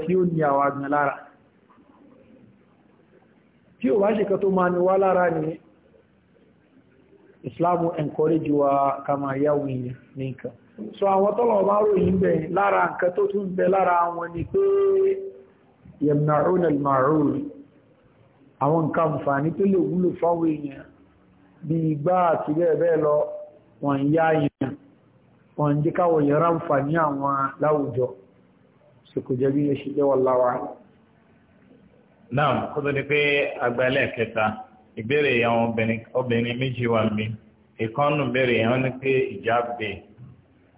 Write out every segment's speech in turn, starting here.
tí ó ní àwọn agbìn lára tí ó wá ṣe kan tó máa ní wá lára ní islamu encourage wa kama yawon ní nǹkan so àwọn tọ́lọ̀ bá ròyìn bẹ̀ lára nǹkan tó tún bẹ lára wọn ni pé yamna'un al-ma'ruf àwọn nǹkan àǹfààní tó lè wúlò fáwọn èèyàn bí igbá àti bẹ́ẹ̀ bẹ́ẹ̀ lọ wọ́n ń yá káwọ̀ yẹra àǹfààní àwọn láwùjọ sòkò jẹ́ bí yóò ṣe jẹ́ wallahu a'lam. náà kó tó di pé agbálẹ̀ kẹta ìbéèrè àwọn obìnrin méjì wà mí ìkọ́nù béèrè yẹn wọ́n ní pé ìjáàbè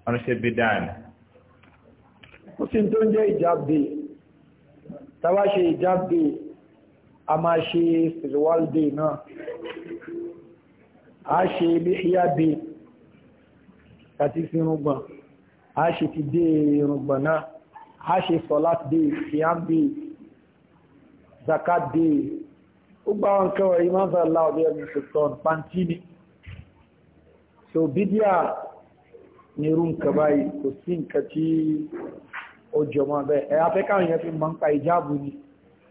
wọ́n ṣe bí dáàni. ó sì tó ń jẹ́ ìjáàbè tàbá ṣe ìjáàbè a máa ṣe sìrìwálde náà a ṣe lihyabe àti sírùngbọ̀n a ṣe ti dé irùngbọ̀n náà a ṣe sọ̀lát day siam day zakat day ó gbá wọn kẹwàá imọ́nsá aláwọ̀ ẹni ṣùtọ́n pàǹtí ni so bídíà ní irú nǹkan báyìí kò sí nǹkan tí ó jọmọ́ bẹ́ẹ̀ ẹ̀ afẹ́kà yẹn fi mọ́ ń pa ìjáàbù ni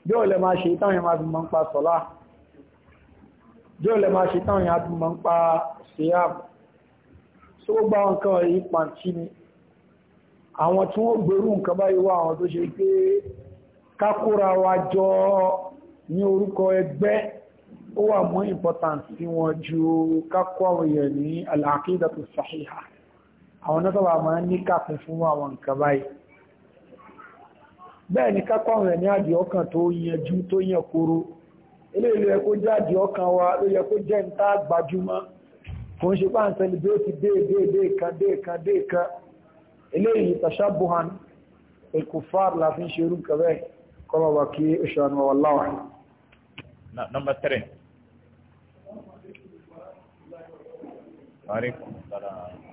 bí ó lẹ máa ṣe táwọn yẹn máa fi mọ́ ń pa sọ̀lá so ó gbá wọn kẹwàá àwọn tí wọ́n gbèrú nǹkan báyìí wá àwọn tó ṣe pé kákóra wa jọ ní orúkọ ẹgbẹ́ ó wà mọ́ important sí wọn ju kákó àwọn ní al-aqidatu sahiha àwọn náà sábà máa ń ní kàkún fún àwọn nǹkan báyìí bẹ́ẹ̀ ni kákó àwọn èèyàn ní àdìẹ ọkàn tó yanjú tó yàn yẹ kó jẹ́ wa ló yẹ kó jẹ́ ń tá gbajúmọ̀ kò ń ṣe إليه تشبها الكفار لكن شيرون كذلك كما بكي إشان والله وحي نعم السلام عليكم السلام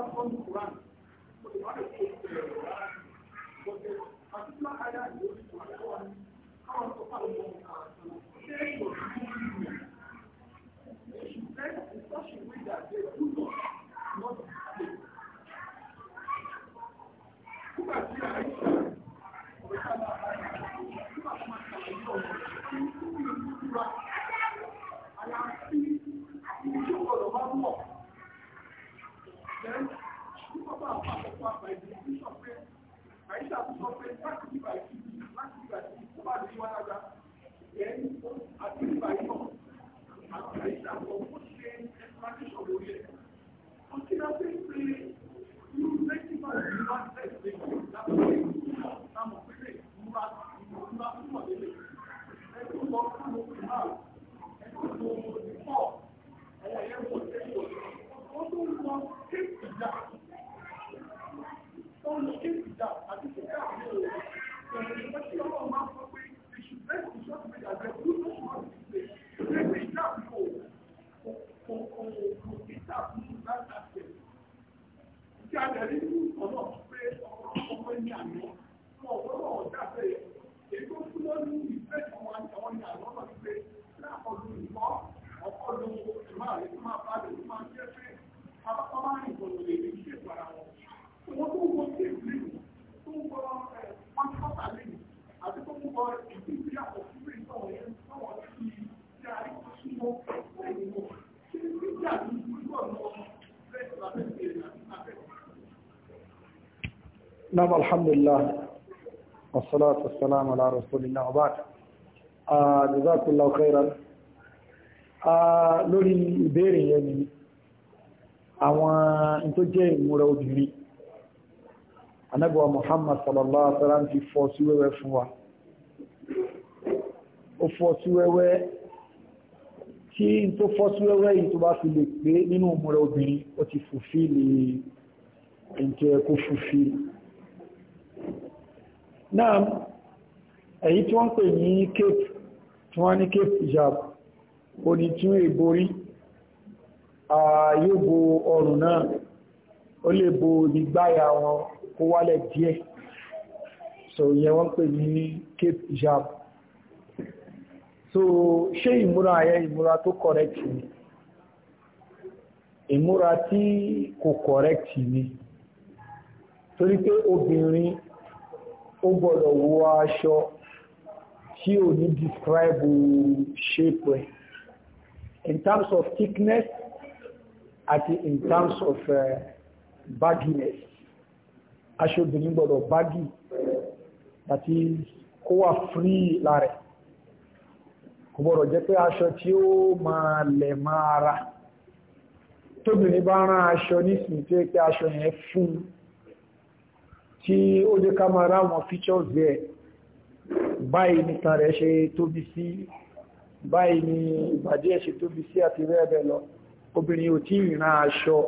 ọ̀pọ̀lọpọ̀ Nam alhamdulillah, wassalatu wassalamu ala rasulillah wa ba'd. Ah, Jazakallahu khairan. Ah, lórí ìbéèrè yẹn ni, àwọn tó jẹ́ ìmúra obìnrin, anábíwa Muhammad sallallahu alaihi wasallam ti fọ́ sí wẹ́wẹ́ fún wa. Ó fọ́ sí wẹ́wẹ́ tí n tó fọ́ sí wẹ́wẹ́ yìí tó bá fi lè pé nínú ìmúra obìnrin, ó ti fùfí lè ẹ̀ntẹ́ kó fùfí náà èyí tí wọ́n pè ní cape tí wọ́n ní cape hijab ó ní tí wọ́n ìborí yóò bo ọrùn náà ó lè bo ìgbáyà wọn kó wálẹ̀ díẹ̀ so yẹ wọ́n pè ní cape hijab so ṣé ìmúra ayẹ ìmúra tó correct ni ìmúra tí kò correct ni torí pé obìnrin ó gbọ́dọ̀ wọ aṣọ tí ò ní describe shape ẹ̀ in terms of thickness àti in terms of uh, bagginess aṣọ obìnrin gbọ́dọ̀ baggy àti kó wà free lára kò gbọ́dọ̀ jẹ́ pé aṣọ tí ó máa lẹ̀ máa ra tóbìnrin bá rán aṣọ nísìnyí tó yẹ pé aṣọ yẹn fún un tí ó jẹ́ ká máa rá wọn features rẹ̀ báyìí ní tàn rẹ̀ ṣe tóbi sí báyìí ní ìbàdí ṣe tóbi sí àti rẹ́ẹ̀bẹ̀ lọ obìnrin ò tí ìran aṣọ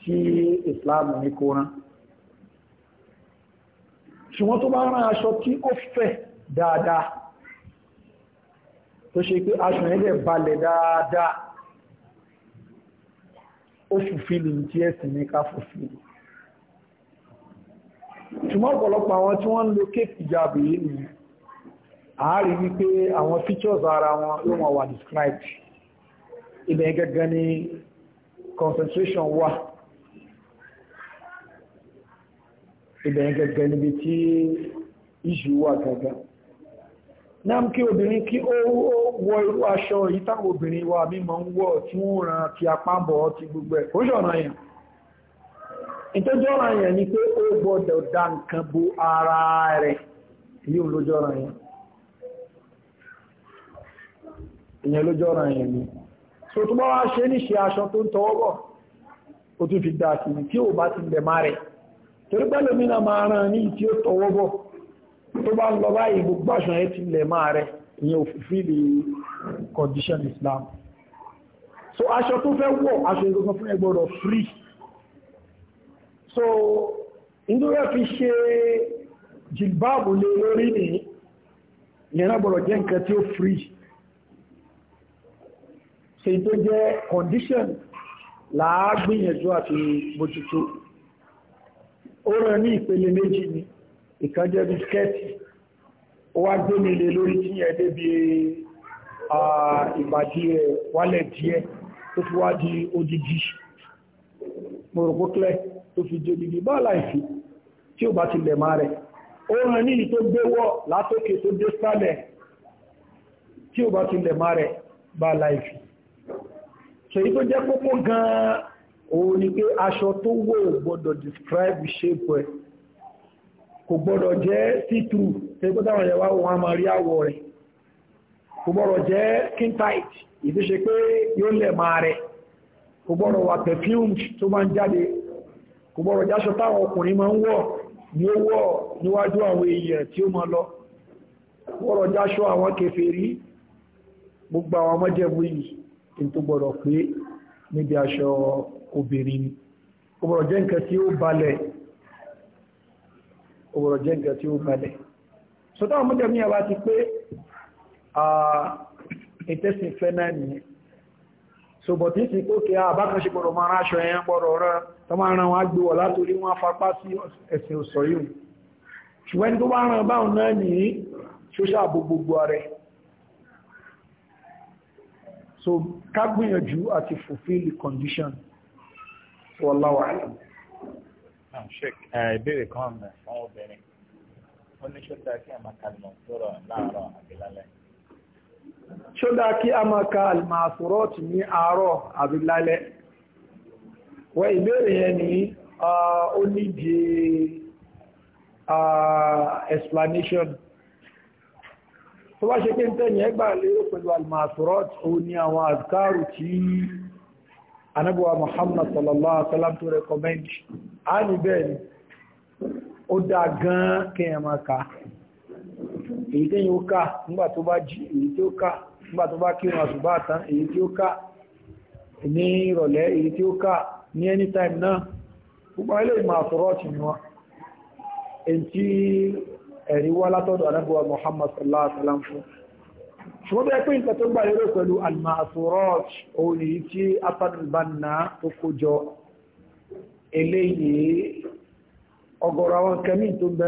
tí Islam ní kó rán ṣùgbọ́n tó bá rán aṣọ tí ó fẹ̀ dáadáa tó ṣe pé aṣọ ẹ̀lẹ̀ balẹ̀ dáadáa ó fùfìlì tí ẹ̀sìn ní ká fùfìlì ṣùgbọ́n ọ̀pọ̀lọpọ̀ àwọn tí wọ́n ń lo cape ìjàbù yìí ni àárí wípé àwọn features ara wọn ló wọn wà described ilẹ̀ gẹ́gẹ́ ní concentration wà ilẹ̀ gẹ́gẹ́ níbi tí ìṣù wà gẹ́gẹ́ náà kí obìnrin kí ó wọ irú aṣọ yìí táwọn obìnrin wa mímọ̀ ń wọ̀ tí wọ́n ràn ti apá bọ̀ ti gbogbo ẹ̀ kó ṣọ̀nà yẹn ìtọ́jọ́ ọ̀rọ̀ yẹn ni pé ó gbọ́dọ̀ dá nǹkan bo ara rẹ̀ yíò lójọ́ ọ̀rọ̀ yẹn ìyẹn lójọ́ ọ̀rọ̀ yẹn ni so tó bá wá ṣe ní ṣe aṣọ tó ń tọwọ́ bọ̀ ó tún fi dáa sí tí ò bá ti lẹ̀ má rẹ̀ torí pẹ́lú mi condition Islam so aṣọ tó fẹ́ wọ̀ aṣọ ìgbọ̀ngàn free so ìdúrà fi ṣe jìlbáàbù lè lórí ní ìyẹn àbọ̀rọ̀ jẹ́ nǹkan tí ó free ṣe tó jẹ́ condition láàgbìyànjú àti bójútó ó rẹ̀ ní ìpele méjì ni ìkan jẹ́ bí skẹ́ẹ̀tì ó wá gbé nílé lórí tí yẹn débi ìbàdí ẹ̀ wálẹ̀ díẹ̀ tó fi wá di odidi mo rò pé tó fi jẹ́ gidi bá láìsí tí ó bá ti lẹ̀ máa rẹ̀ ó rán ní tó gbéwọ́ látókè tó dé sálẹ̀ tí ó bá ti lẹ̀ máa rẹ̀ bá láìsí ṣèyí tó jẹ́ kókó gan-an òun ni pé aṣọ tó wọ̀ gbọ́dọ̀ describe shape ẹ̀ kò gbọ́dọ̀ jẹ́ see-through tẹ́gbọ́n táwọn ìyàwó wọn a máa rí àwọ̀ rẹ̀ kò gbọ́dọ̀ jẹ́ skin tight ìdí ṣe pé yóò lẹ̀ máa rẹ̀ kò gbọ́dọ̀ wà perfumed tó kò gbọ́rọ̀ jáṣọ táwọn ọkùnrin máa ń wọ̀ ní ó wọ̀ níwájú àwọn èèyàn tí ó máa lọ gbọ́rọ̀ jáṣọ àwọn kèfèrí gbogbo àwọn ọmọdébù yìí tó gbọ́rọ̀ pé níbi aṣọ obìnrin ni kò gbọ́rọ̀ jẹ́ nǹkan tí ó balẹ̀ kò gbọ́rọ̀ jẹ́ nǹkan tí ó balẹ̀ sọ táwọn ọmọdébù yìí àbá ti pé ìtẹ́sìn fẹ́ náà nìyẹn so bọ̀ tí sì kó kí a bákan ṣe gbọ́dọ̀ máa ráṣọ ẹ̀yàn gbọ́dọ̀ rẹ̀ tó máa ran wọn gbíwọ̀ látorí wọn fapá sí ẹ̀sìn òsọ̀ yìí ṣùgbọ́n tó bá ran báhùn náà ní ṣóṣà gbogbogbò rẹ̀ so ká àti fulfill the condition wallahu a'lam ìbéèrè ṣódá kí a máa ka almasurọ́tì ní àárọ̀ àbí lálẹ́ wẹ ìbéèrè yẹn ni ó nídi explanation tó bá ṣe pé ń tẹ́yìn ẹgbà lérò pẹ̀lú almasurọ́tì ó ní àwọn àzkárù tí anábúwa Muhammad sallallahu alaihi wasallam tó recommend á ní bẹ́ẹ̀ ni ó dá gan kí èyí tí yíó ká nígbà tó bá jí èyí tí ó ká nígbà tó bá kírun àsùbá tán èyí tí ó ká ní ìrọ̀lẹ́ èyí tí ó ká ní anytime náà ilé ìmọ̀ èyí tí ẹ̀rí wá Muhammad sallallahu alaihi wasallam àwọn tó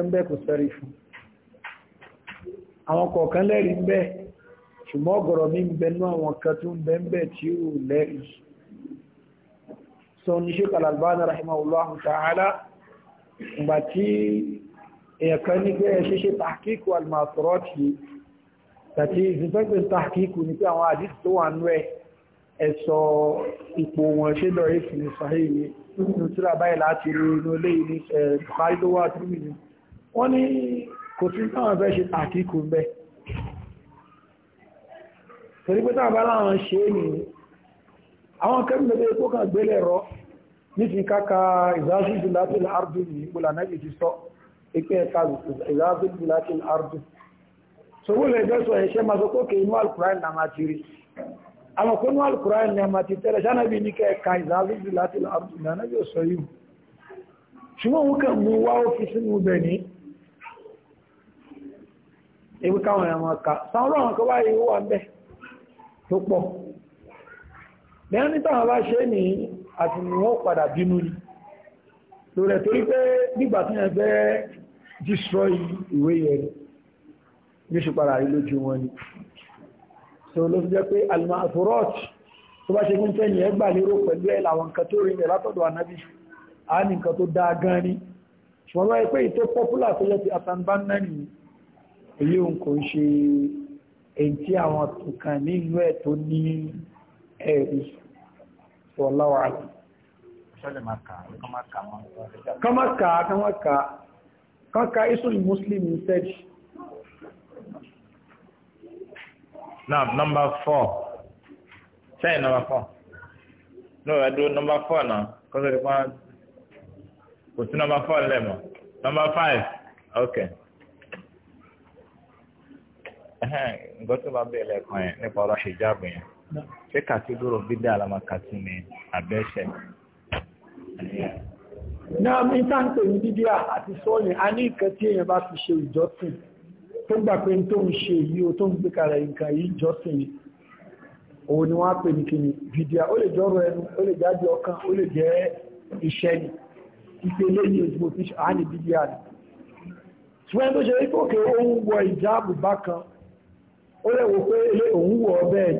bẹ́ẹ̀ kò àwọn kọ̀ọ̀kan lẹ́rìí ń bẹ ṣùgbọ́n ọ̀gọ̀rọ̀ mi ń bẹ ní àwọn kan tó ń bẹ ń bẹ tí ó lẹ́rìí sọ ní Sheikh Al-Albani rahimahullahu ta'ala ìgbà tí èèyàn kan ní pé ṣe ṣe tàkíkù al-maturati tàbí ìsìnkẹ́gbẹ̀ tàkíkù ní pé àwọn àdìsí tó eh, wọ́n ní kò tí táwọn fẹ́ ṣe tàkíkù ń bẹ́ torí pé táwọn bá láwọn ṣe é nìyí àwọn kẹ́mìnà tó kó kàn gbélẹ̀ rọ ní ti káka ìzáṣíjú láti l'árdù ní ìpòlà náà ti sọ ipé ẹ̀ka ìzáṣíjú na ma ti rí àwọn kó inú na ma ti tẹ́lẹ̀ sánàbí ní kẹ́ẹ̀ka ewé káwọn ẹ̀rọ ọ̀ka sáwọn àwọn kan wáyé wà ń bẹ̀ tó pọ̀ bẹ́ẹ̀ ní táwọn bá ṣe ní àti ní wọ́n padà bínú ni lórí torí pé nígbà tí wọ́n fẹ́ destroy ìwé yẹn ní ṣe padà rí lójú wọn ni so ló fi jẹ́ pé alma aforot tó bá ṣe gún tẹ́yìn ẹgbà lérò pẹ̀lú ẹ̀ làwọn nǹkan tó rí látọ̀dọ̀ anábì a ní nǹkan tó dáa gan ni ṣùgbọ́n wáyé pé ìtẹ́ pọ́pùlà tó yẹ ti àtàǹbá náà nìyí èyí òun kò ṣe èyí tí àwọn tùkàn nínú ẹ̀ tó ní ẹ̀rí sọ̀láwà rẹ̀ kọ́mọ̀ká kọ́mọ̀ká kọ́ká isul muslim instead now number four say number four no I do number four now kọ́sọ̀rọ̀ kò sí number four lẹ́mọ̀ number five okay. nǹkan tó bá bẹ̀rẹ̀ kan yẹn nípa ọ̀rọ̀ ṣèjáàbù yẹn ṣé kàtígóró bídà àlàmà kàtí ni àbẹ́ṣẹ. náà mi ní àti a ní nǹkan tí èèyàn bá fi ṣe ìjọsìn tó gbà pé tó ń ṣe yìí o tó ń gbé kalẹ̀ nǹkan yìí òun ni wọ́n á pè ní kíni ó lè jọ́rọ̀ ẹnu ó lè jáde ni àánì ni. ṣùgbọ́n tó ṣe wípé òkè ó lè wò pé ilé òun wọ̀ ọ́ bẹ́ẹ̀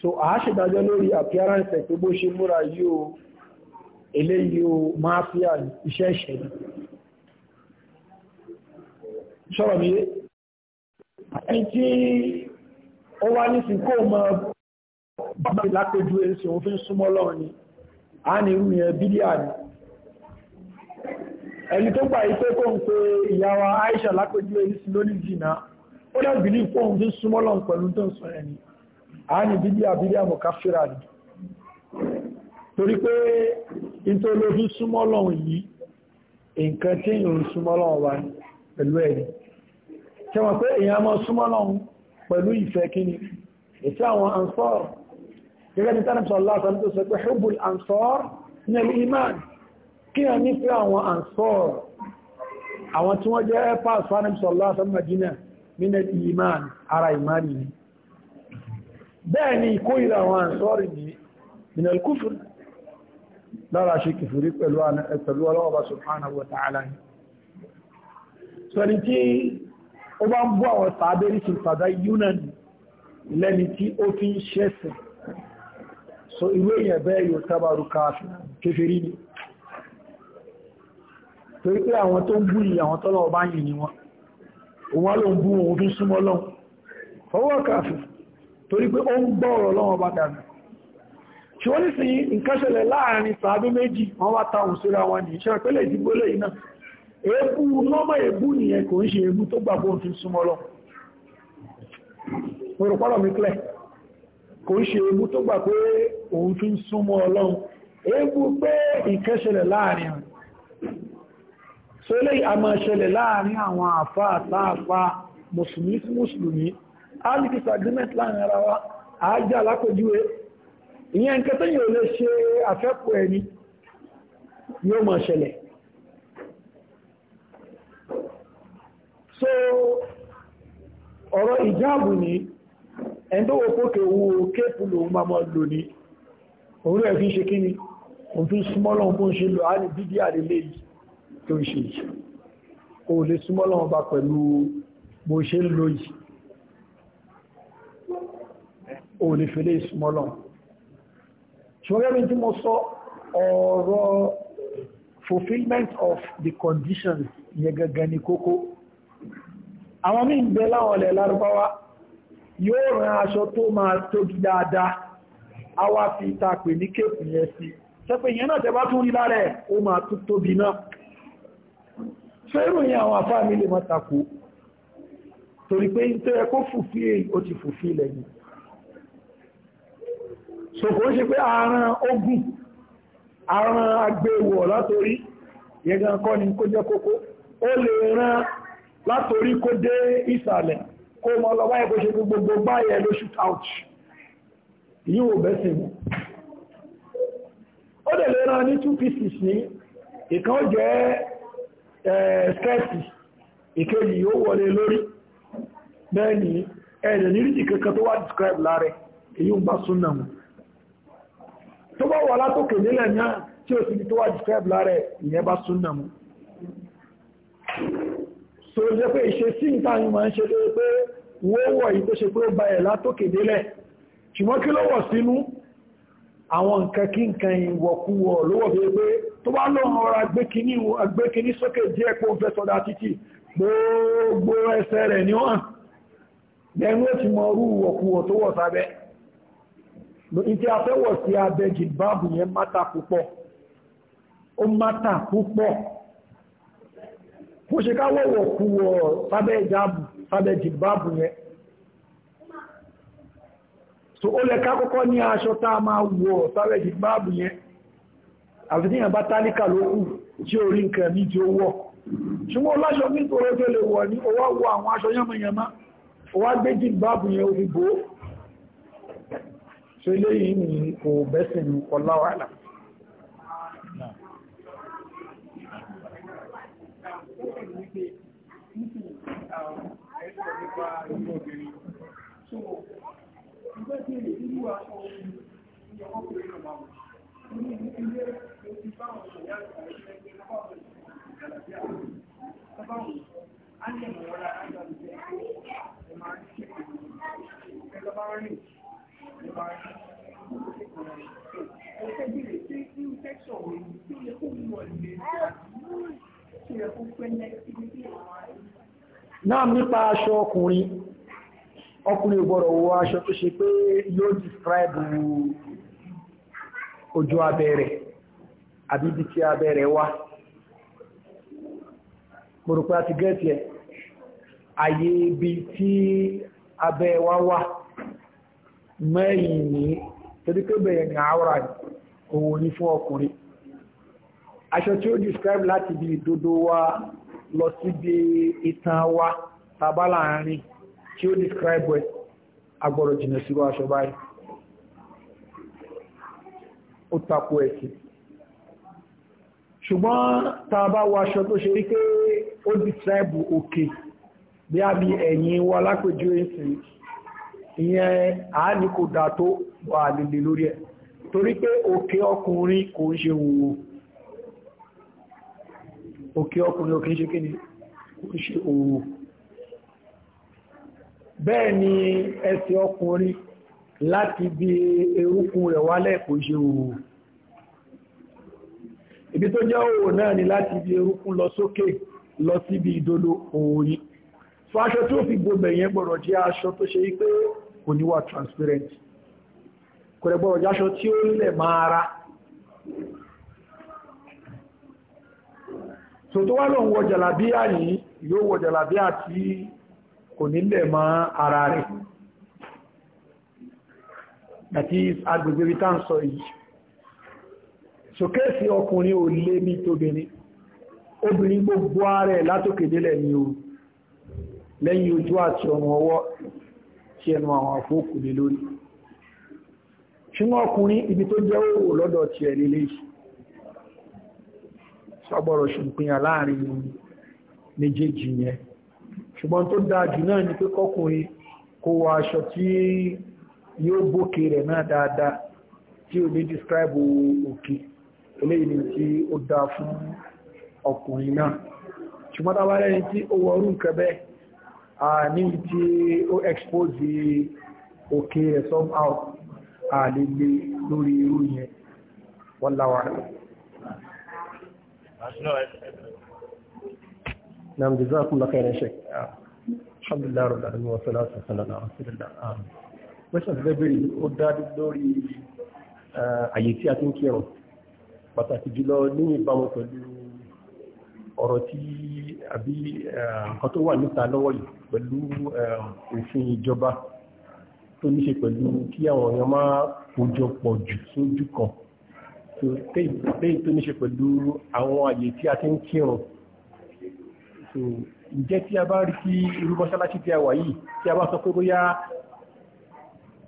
so a ṣèdájọ́ lórí appearance ẹ̀ pé bó ṣe múra yìí o eléyìí o máa fi à iṣẹ́ ìṣẹ̀lẹ̀ sọ̀rọ̀ mi ẹni tí ó wá ní sí kó mọ bàbá ìlápẹ̀jú èsì òun fi ń súnmọ́ lọ́wọ́ ni a ní irú yẹn bídíà ni ẹni tó gbà yí pé kó ń pe ìyá wa Aisha lápẹ̀jú èsì lónìí jìnnà ó dá bìlí fóun tí súnmọ́ lọ́n pẹ̀lú tó ń sọ ẹ̀ ni a ní bíbí àbílí àmọ̀ká fíra ni torí pé ìtòlójú súnmọ́ lọ́n yìí nǹkan tí èèyàn súnmọ́ lọ́n wà pẹ̀lú ẹ̀ ni ṣe wọ́n pé èèyàn mọ́ súnmọ́ lọ́n pẹ̀lú ìfẹ́ kíni èsì àwọn ansọ́r gẹ́gẹ́ bí tánàbísọ̀ látàrí tó sọ pé hubbul ansọ́r ní ẹ̀lú iman kí a nífẹ́ àwọn minel iman ara imani ni bẹ́ẹ̀ ni ìkóyìnra àwọn àǹsọ́rì ní minel kúfùrù lára ṣe kìfìrí pẹ̀lú ọlọ́ọ̀bá subhanahu wa ta'ala ni sọ́ni tí ó bá ń bú àwọn tàbí sí tàbí yunan lẹ́ni tí ó fi torí pé àwọn tó ń bú àwọn tọ́lọ̀ ọba yìí ni wọ́n òun á lóun bú òun fi súnmọ́ lọ́n fọwọ́ kàfí torí pé ó ń gbọ́ ọ̀rọ̀ lọ́wọ́ bá dànù ṣe wọ́n nísìn nǹkan láàrin sàábé méjì wọ́n wá táwọn síra wọn ní iṣẹ́ ìpínlẹ̀ ìdìbò lẹ́yìn nìyẹn kò ń ṣe èébú tó gbàgbọ́ òun fi súnmọ́ lọ fi so eléyìí a máa ṣẹlẹ̀ láàrin àwọn àfá àtàfà mùsùlùmí fún mùsùlùmí a ní disagreement láàrin ara wa àájá alápẹjúwe ìyẹn nǹkan yóò lè ṣe àfẹ́kù ẹni yóò máa ṣẹlẹ̀ so ọ̀rọ̀ ìjáàbù ní ẹ̀ndọ́wọ́ pókè owó kéèpù lòun máa mọ́ lò ní òun rẹ̀ fi ṣe kí òun fi súnmọ́ lọ́wọ́ bó ń ṣe lò á ní bídí àdélé yìí tó ń ṣe yìí o lè súnmọ́ lọ́wọ́ bá pẹ̀lú bó ṣe ń lo yìí o lè fẹ́lẹ́ ìsúnmọ́ lọ́wọ́ ṣọ́gẹ́bí tí mo sọ ọ̀rọ̀ fulfillment of the conditions yẹ gangan ní kókó àwọn míì ń bẹ láwọn ọ̀lẹ̀ lárúbáwá yóò rán aṣọ tó máa tóbi dáadáa a wá fi ìtàpè ní kéèkù yẹn sí sẹ́pẹ̀ ìyẹn náà tẹ́ bá tún rí lára ẹ̀ ó máa tún tóbi náà tó àwọn àfáà lè mọ́tàkù torí pé tó yẹ kó ó ti fùfí lẹ́yìn so kò ṣe pé ogun ààrùn agbéwọ̀ látorí yẹgan kọ́ ni kó jẹ́ kókó ó lè rán látorí kó dé ìsàlẹ̀ kó mọ́ lọ báyẹ̀ kó gbogbo báyẹ̀ ló shoot out yíò bẹ́sẹ̀ mú ó dẹ̀ lè rán ní two pieces ní ìkan Eh, skẹ́ẹ̀tì ìkejì yóò wọlé lórí bẹ́ẹ̀ ni ẹ̀rẹ̀ nírìtì kankan tó wà describe láàrẹ èyí ń bá súnnà mú tó bá wà látòkè nílẹ̀ náà tí ó sì tó wà describe láàrẹ ìyẹn bá súnnà mú so jẹ́ pé ìṣe sí ìtàyìn máa ń ṣe lé pé wọ́wọ́ yìí tó ṣe pé ó bá ẹ̀ látòkè nílẹ̀ ṣùgbọ́n kí ló wọ̀ sínú àwọn nǹkan kí nǹkan ìwọ̀kúwọ̀ lówọ̀ bí pé tó bá lóhun ọ̀rọ̀ agbékiní sókè díẹ̀ kó ń fẹ́ sọ́dá títì gbogbo ẹsẹ̀ rẹ̀ ní wọ́n lẹ́nu ó ti mọ orú ìwọ̀kúwọ̀ tó wọ̀ sábẹ́ ìtí afẹ́wọ̀ sí abẹ́ jìbáàbù yẹn mátà púpọ̀ ó mátà púpọ̀ kó ṣe káwọ̀ so ó lẹ kákọ́kọ́ ní aṣọ tá a máa wọ̀ sáré jì báàbù yẹn àfi tíyàn bá tálíkà ló kù tí orí nǹkan ní tí ó wọ̀ ṣùgbọ́n láṣọ ní tó rọ́jọ́ lè wọ̀ ní ọwá wọ àwọn aṣọ yánmọ́yánmá ọwá gbé jì báàbù yẹn orí bò Thank you. Náà nípa aṣọ ọkùnrin ọkùnrin ìgbọ́rọ̀ wọ aṣọ tó ṣe pé yóò describe ojú abẹ́rẹ̀ àbí ibi tí abẹ́rẹ̀ wá gbòròpá ti gẹ́ẹ̀tì ẹ̀ àyè ibi tí abẹ́ wá wà mẹ́yìn ní torí pé bẹ̀rẹ̀ ní àwọ̀rà òun ní fún ọkùnrin aṣọ tí ó describe láti bí ìdodo wa lọ sí bí itan wa tàbá láàárín tí ó describe ẹ agbọ́rọ̀ jìnà sí wá aṣọ báyìí ó tako ẹ̀sìn ṣùgbọ́n tá a bá wọ aṣọ tó ṣe wípé ó describe òkè bí a bí ẹ̀yìn wa lápèjú ẹ̀sìn ìyẹn àání kò dà tó wà lílé lórí ẹ̀ torí pé òkè ọkùnrin kò ń ṣe òwò òkè ọkùnrin òkè ń ṣe kí ni kò ń ṣe òwò bẹ́ẹ̀ ni ẹsẹ̀ ọkùnrin láti bí erúkún rẹ̀ wálẹ̀ kò ṣe òwò ibi tó jẹ́ òwò náà ni láti bí erúkún lọ sókè lọ síbi ìdodo òòyìn fún aṣọ tó fi gbogbo ẹ̀yẹn gbọ́dọ̀ jẹ́ aṣọ tó ṣe wípé kò ní wà transparent kò rẹ̀ gbọ́dọ̀ jẹ́ aṣọ tí ó lẹ̀ máa ra tòtò wá lóun kò nílẹ̀ mọ́ ara rẹ̀ àti agbègbè rí tán sọ yìí ṣòkẹ́sì ọkùnrin ò lé ní tóbìnrin obìnrin gbogbo ààrẹ látòkèdélẹ̀ ni o lẹ́yìn ojú àti ọmọ ọwọ́ tí ẹnu àwọn àfókù lé lórí ṣùgbọ́n ọkùnrin ibi tó jẹ́ òwò lọ́dọ̀ ti ẹ̀lẹ́ léyìí sọ́gbọ́rọ̀ ṣùgbìyàn láàrin méjèèjì yẹn ṣùgbọ́n tó dáa jù náà ni pé kọkùnrin kó wọ aṣọ tí yóò bókè rẹ̀ náà dáadáa tí ò ní describe òkè eléyìí ni tí ó dáa fún ọkùnrin náà ṣùgbọ́n tábà lẹ́ni tí ó wọrú nǹkan bẹ́ẹ̀ ní tí ó expose òkè rẹ̀ somehow àlèlè lórí irú yẹn wọ́n láwárí. نعم جزاكم الله خيرا شيخ الحمد لله رب العالمين والصلاة والسلام على رسول الله question delivery ó dá lórí àyè eh, tí a ti ń kírun pàtàkì jùlọ ní ìbámu pẹ̀lú ọ̀rọ̀ tí àbí eh, nǹkan tó wà níta lọ́wọ́ yìí pẹ̀lú eh, òfin ìjọba tó ní ṣe pẹ̀lú kí àwọn èèyàn máa kójọ pọ̀ jù sójú kan tó ní ṣe pẹ̀lú àwọn àyè tí a ti ń kírun so ǹjẹ́ tí a bá rí sí irú mọ́ṣáláṣí tí a wà yìí tí a bá sọ pé bóyá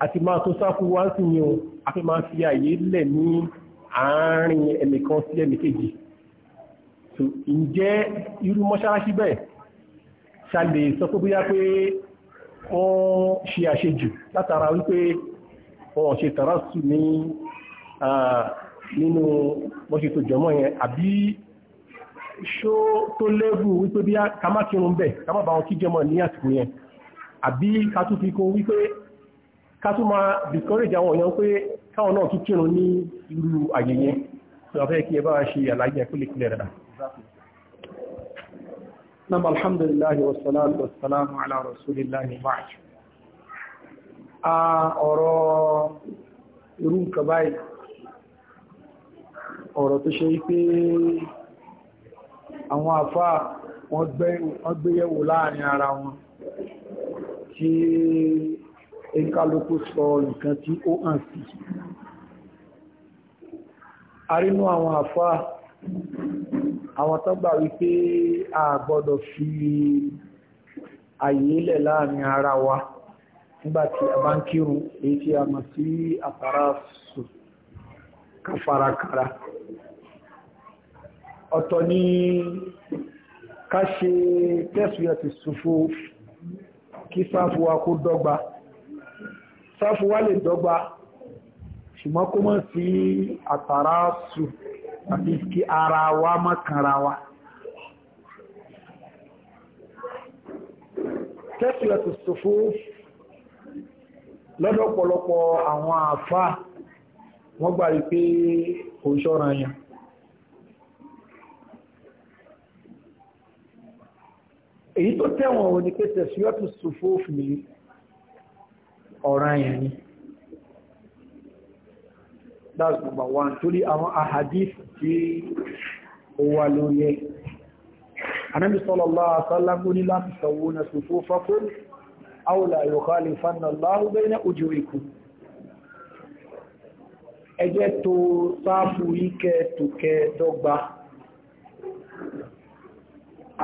àti máa tó sáfù wá sí ni o a fi máa fi àyè lẹ̀ ní àárín ẹnìkan sí ẹnìkejì so ǹjẹ́ irú mọ́ṣáláṣí bẹ́ẹ̀ ṣàlè sọ pé bóyá pé wọ́n ṣe àṣejù látara wípé wọ́n ṣe tàrásù ní nínú bọ́ṣe jọmọ́ yẹn àbí ṣó tó lẹ́bù wípé bí ká má kírun bẹ̀ ká má bá wọn kíjọ mọ̀ ní àsìkò yẹn àbí ká tún fi kún wípé ká tún máa discourage àwọn èèyàn pé káwọn náà tún kírun ní irú àyè yẹn tó afẹ́ kí ẹ bá ṣe àlàyé ẹ̀kú lè kílẹ̀ rẹ̀ nam alhamdulillahi wassalatu wassalamu ala rasulillahi ba'd a ọ̀rọ̀ irú nǹkan báyìí ọ̀rọ̀ tó ṣe wípé àwọn àfá wọ́n gbéyẹ̀wò láàrin ara wọn tí ẹnkálukú sọ nǹkan tí ó hàn sí arínú àwọn àfá àwọn tó gbà wípé a gbọ́dọ̀ fi àyílẹ̀ láàrin ara wa nígbàtí a bá ń kírun èyí tí a mọ̀ sí àpárá kàfàràkàrà ọ̀tọ̀ ni ká ṣe tẹ́sùyà ti sùfò kí sáfù wa kó dọ́gba sáfù wa lè dọ́gba ṣùgbọ́n kó mọ́ sí àtàrà sù àti kí ara wa má kanra wa tẹ́sùyà ti sùfò lọ́dọ̀ àwọn àfáà wọ́n gbà wípé kò ṣọ́ra yàn èyí tó tẹ̀wọ̀n ò ní pé tẹ̀síwọ́tù sùfóòfù ní ọ̀ràn yẹn ni that's number one torí àwọn ahadith tí ó wà lórí ẹ̀ anábi sallallahu alaihi wasallam ní láti sọ̀wọ́ na sufufakum aw la yukhalifanna Allahu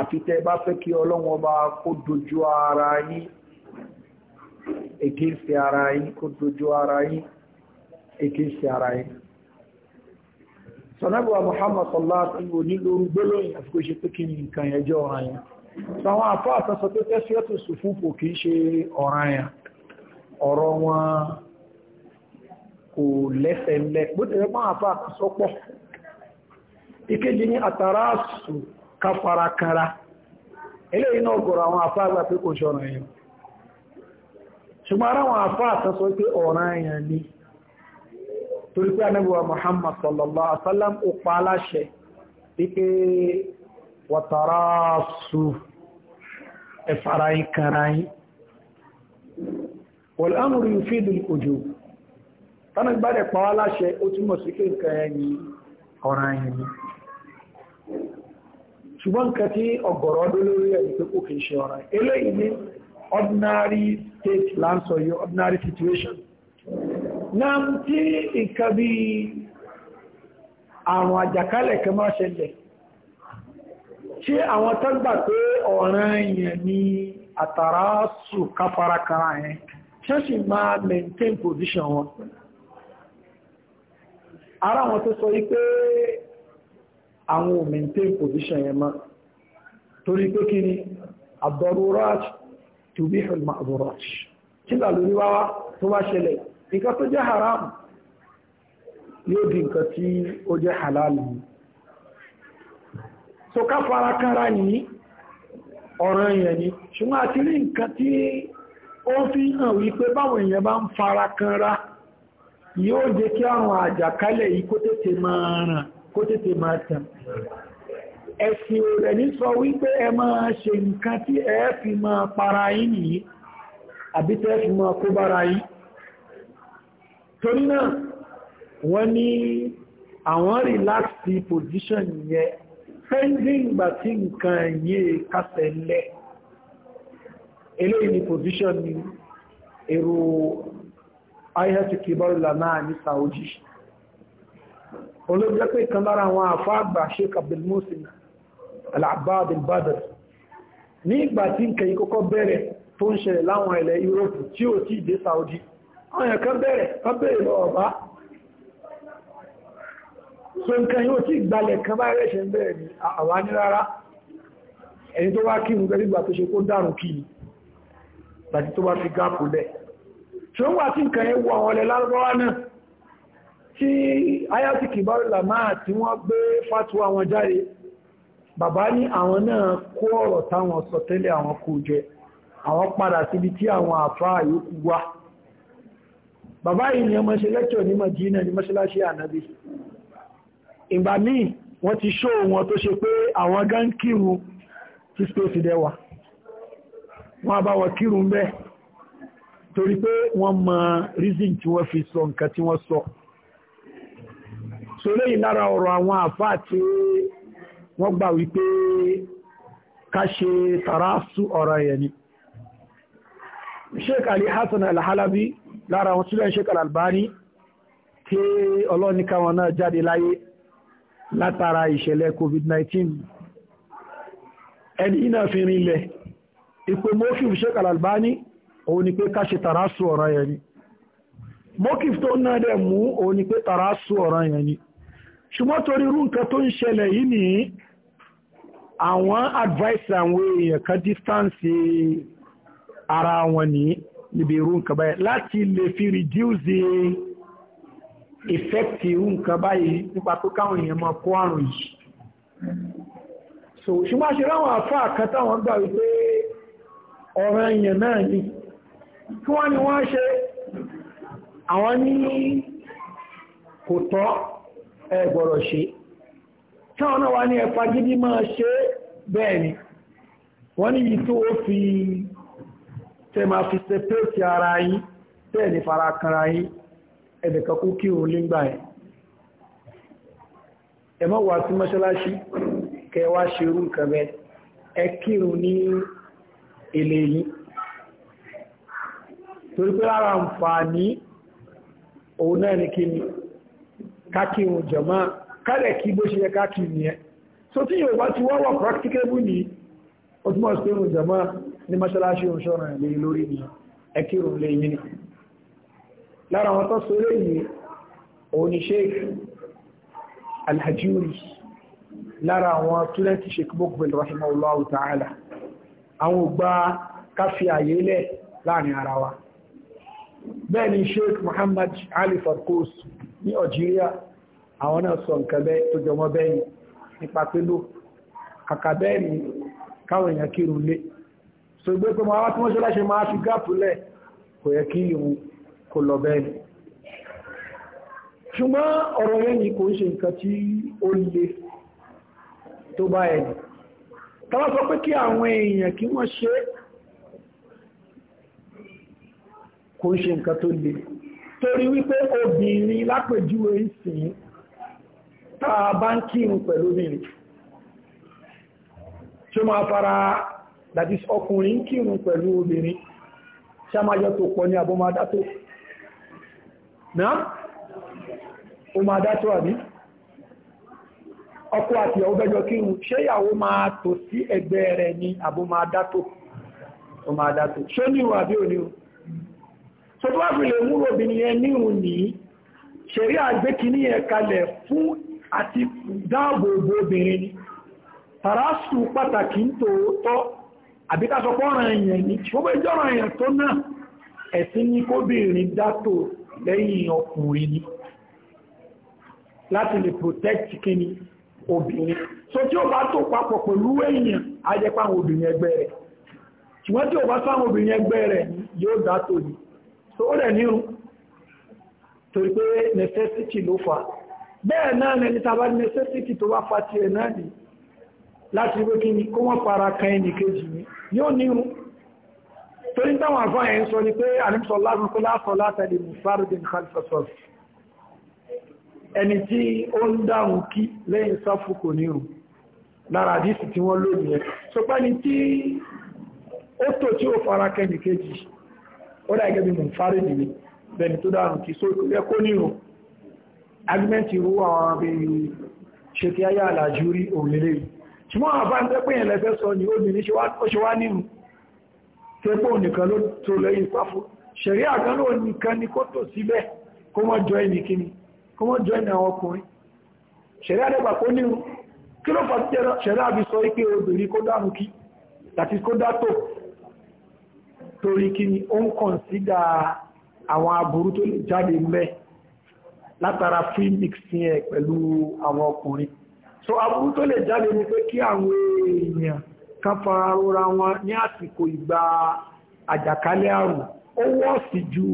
àfi tẹ́ bá fẹ́ kí ọlọ́wọ́n bá kó dojú ara yín èkéèsì ara yín kó dojú ara yín èkéèsì ara yín sọ̀nàbíwá Muhammad sallallahu alaihi wasallam nílò orúgbélóyìn àfikò ṣe pé kí nǹkan ẹjọ́ ọ̀ràn yẹn sọ̀wọ́n àfá àtọ́sọ tó tẹ́sí ẹ̀tù sùfúfò kì í ṣe ọ̀ràn yẹn ọ̀rọ̀ wọn kò lẹ́sẹ̀ bó tẹ̀lé pọ́n àfá àtọ́sọ́pọ̀ ìkejì ní àtàrà sùn ká fara kanra eléyìí náà gọ̀rọ̀ àwọn àfáà gbà pé kò ṣọ̀rọ̀ èèyàn ṣùgbọ́n ara àwọn àfáà tán sọ pé ọ̀ràn èèyàn ni torí pé anábíwá Muhammad sallallahu alaihi wasallam ó pa aláṣẹ wípé wàtàrà ẹ̀fàrà yìí ṣùgbọ́n nǹkan tí ọ̀gọ̀rọ̀ ọdún lórí ẹ̀ wípé kò kìí ṣe ọ̀ràn eléyìí ní ordinary state láńsọ yìí ordinary situation náà tí nǹkan bí àwọn àjàkálẹ̀ kan máa ṣẹlẹ̀ ṣé àwọn pé ọ̀ràn yẹn ni àtàrà sù káfarakara yẹn máa maintain position wọn ara sọ àwọn ò maintain position yẹn mọ́ torí pé kí ni ad-darurat al-ma'dhurat kí lálórí wá tó bá ṣẹlẹ̀ nǹkan tó jẹ́ haram yóò di nǹkan tí ó halal so ká fara kára ní ọ̀rọ̀ ni ṣùgbọ́n àti rí nǹkan tí ó fi hàn wípé báwọn èèyàn bá ń fara kanra yóò jẹ́ kí àrùn àjàkálẹ̀ yìí kó tètè kó tètè máa tàn ẹ̀sìn rẹ̀ ní sọ wípé ẹ máa ṣe nǹkan tí ẹ fi máa para yín nìyí àbí tẹ́ fi máa kó bára yín torí náà wọ́n ní àwọn relaxed position yẹn pending ìgbà tí nǹkan yẹn kásẹ̀ lẹ̀ eléyìí ni position ni èrò ayẹ́tù kìbọ́rùlà náà ní Saudi olóòjẹ́ pé kan lára àwọn àfáàgbà sheik abdulmusin al-abbad al-badr ní ìgbà tí nǹkan ìkọ́kọ́ bẹ̀rẹ̀ tó ń ṣẹlẹ̀ láwọn ilẹ̀ europe tí ó ti dé saudi àwọn èèyàn kan bẹ̀rẹ̀ kan bẹ̀rẹ̀ lọ ọ̀bá so nǹkan yóò tí gbalẹ̀ kan bá rẹ̀ ṣe ń bẹ̀rẹ̀ tí ayati kibarula máa tí wọ́n gbé fatuwa wọn jáde bàbá ní àwọn náà kó ọ̀rọ̀ táwọn sọ tẹ́lẹ̀ àwọn kò jẹ àwọn padà síbi tí àwọn àfáà yòókù wá bàbá yìí ni ọmọ ṣe lẹ́kọ̀ọ́ ní Madina ní mọ́ṣáláṣí ànábì ìgbà míì wọ́n ti ṣó wọn tó ṣe pé àwọn gan kírun tí space dẹwà wọ́n bá wọ́n kírun bẹ́ẹ̀ torí pé wọ́n mọ reason tí wọ́n fi sọ nǹkan tí wọ́n sọ sólé yìí lára ọ̀rọ̀ àwọn àfá àti wọ́n gbà wípé ká ṣe tàrásù ọ̀rọ̀ ẹ̀yẹ̀ ni Sheikh Hassan al-Halabi lára àwọn sílẹ̀ Sheikh al-Albani tí ọlọ́nìká wọn náà jáde láyé látara ìṣẹ̀lẹ̀ COVID-19 ẹni iná fi rinlẹ̀ ìpè mọ́kìf Sheikh al-Albani òun ni pé ká ṣe tàrásù ọ̀rọ̀ ẹ̀yẹ̀ ni mọ́kìf tó náà dẹ̀ mú òun ni pé tàrásù ọ̀rọ̀ ẹ̀yẹ̀ ṣùgbọ́n torí irú nǹkan tó ń ṣẹlẹ̀ yìí ní àwọn advice àwọn èèyàn kan distance ara wọn ní níbi irú nǹkan báyìí láti lè fi reduce effect irú báyìí nípa pé káwọn èèyàn máa kó àrùn yìí so ṣùgbọ́n a ṣe ráwọn àfáà kan táwọn gbà wípé ọ̀ràn èèyàn náà ni kí wọ́n ni wọ́n ṣe àwọn ní kò tọ́ ẹgbọ̀rọ̀ ṣe táwọn náà wá ní ẹ̀fà gidi máa ṣe bẹ́ẹ̀ ni wọ́n ní yìí tó fi tẹ́ máa fi separate ara yín tẹ́ ní fara kanra yín ẹ̀dẹ̀kan kú kí òun léngbà ẹ̀ ẹ má sí mọ́ṣáláṣí kẹ́ ṣe irú nǹkan ẹ kírun ní èlé yín torí pé lára àǹfààní òun náà ní kí ni káàkiri wọn jọmọ́ kálẹ̀ kí bó ṣe yẹ káàkiri nìyẹn so tí yorùbá ti wọ́n wọ̀ practicable ní ó túnmọ̀ sí pé wọn jọmọ́ ní mọ́ṣáláṣí òṣọ́rọ̀ ẹ̀ lé lórí ni ẹkírù lè yí ni lára wọn tó sọ lẹ́yìn òun ni sheikh alhajuri lára àwọn túlẹ́ǹtì sheikh mokbel rahimahullah ta'ala àwọn ògbà káfí àyè láàrin ara wa bẹ́ẹ̀ sheikh muhammad ali farkos ní Algeria àwọn náà sọ nǹkan bẹ́ẹ̀ tó jọmọ́ bẹ́ẹ̀ nípa pé ló ni káwọn èèyàn kírun lé so gbé pé máa wá tí wọ́n ṣe láṣẹ máa fi gáàpù lẹ̀ kò yẹ kí ìrun kò lọ bẹ́ẹ̀ ni ṣùgbọ́n ọ̀rọ̀ yẹn ni kò ń ṣe nǹkan tí ó le tó bá ẹ̀yìn tàbá sọ pé kí àwọn èèyàn kí wọ́n ṣe kò ń ṣe nǹkan tó le torí wípé obìnrin lápèjúwe ìsìn tàà bá ń kírun pẹ̀lú obìnrin tí ó máa fara dàbí ọkùnrin kírun pẹ̀lú obìnrin tí a máa yọ tó pọ̀ ní àbọ́ máa dátó náà o máa dátó àbí ọkọ àti ìyàwó bẹ́jọ kírun ṣé ìyàwó máa tò sí ẹgbẹ́ rẹ̀ ní àbọ́ máa dátó o o so tó bá fi lè múrò obìnrin yẹn ní ìrùn ní ṣeré àgbékiní yẹn kalẹ̀ fún àti dáàbòbò obìnrin ni tàrásù pàtàkì ń tòótọ́ àbíkásọ pọ́ràn èèyàn ní ṣùgbọ́n ìjọ́ràn èèyàn tó náà ẹ̀sìn ní kóbìnrin dátò lẹ́yìn ọkùnrin ni láti lè protect kíni obìnrin so tí ó bá tó papọ̀ pẹ̀lú èèyàn á jẹ́ obìnrin ẹgbẹ́ rẹ̀ ṣùgbọ́n tí ó bá sáwọn obìnrin ẹgbẹ́ rẹ̀ yóò dátò yìí so ó rẹ̀ nírun torí pé necessity ló fa bẹ́ẹ̀ náà nẹni tàbá necessity tó wá fa ti ẹ̀ náà ni láti wé kí ni kó wọ́n para kan ẹni kejì ni yóò nírun torí táwọn àfáà ẹ̀ ń sọ ni pé àníṣọ́ lásán kó lásán látàlẹ̀ mùsàrùdín khalfasọ́f ẹni tí ó ń dáhùn kí lẹ́yìn sáfù kò nírun lára àdísì tí wọ́n lónìí ẹ̀ sọpá ni tí ó tò tí ó fara kẹ́ni kejì ó dà gẹ́gẹ́ bí mò ń fárè nìyí bẹ́ẹ̀ni tó dàrùn kì í só yẹ kó nírun agimẹ́ntì irú àwọn abẹ́yìn ṣe ayé àlàjú rí òmìnir ṣùgbọ́n àbá ń tẹ́pẹ́ yẹn lẹ́fẹ́ sọ ni obìnrin ó ṣe wá nínú tẹ́pọ̀ nìkan ló ni kó tò síbẹ̀ kó mọ́ jọ ẹni kíni kó mọ́ jọ ẹni àwọn ọkùnrin ṣẹ̀rí àdẹ́gbà kó nínú kí ló fà ṣẹ̀rí àbí sọ torí kí ni ó ń kọ̀nsídà àwọn aburú tó lè jáde mẹ́ látara free mixing ẹ̀ pẹ̀lú àwọn ọkùnrin so aburú tó lè jáde pé kí àwọn èèyàn kan fara rora wọn ní àsìkò ìgbà àjàkálẹ̀ àrùn ó wọ́ọ̀sì ju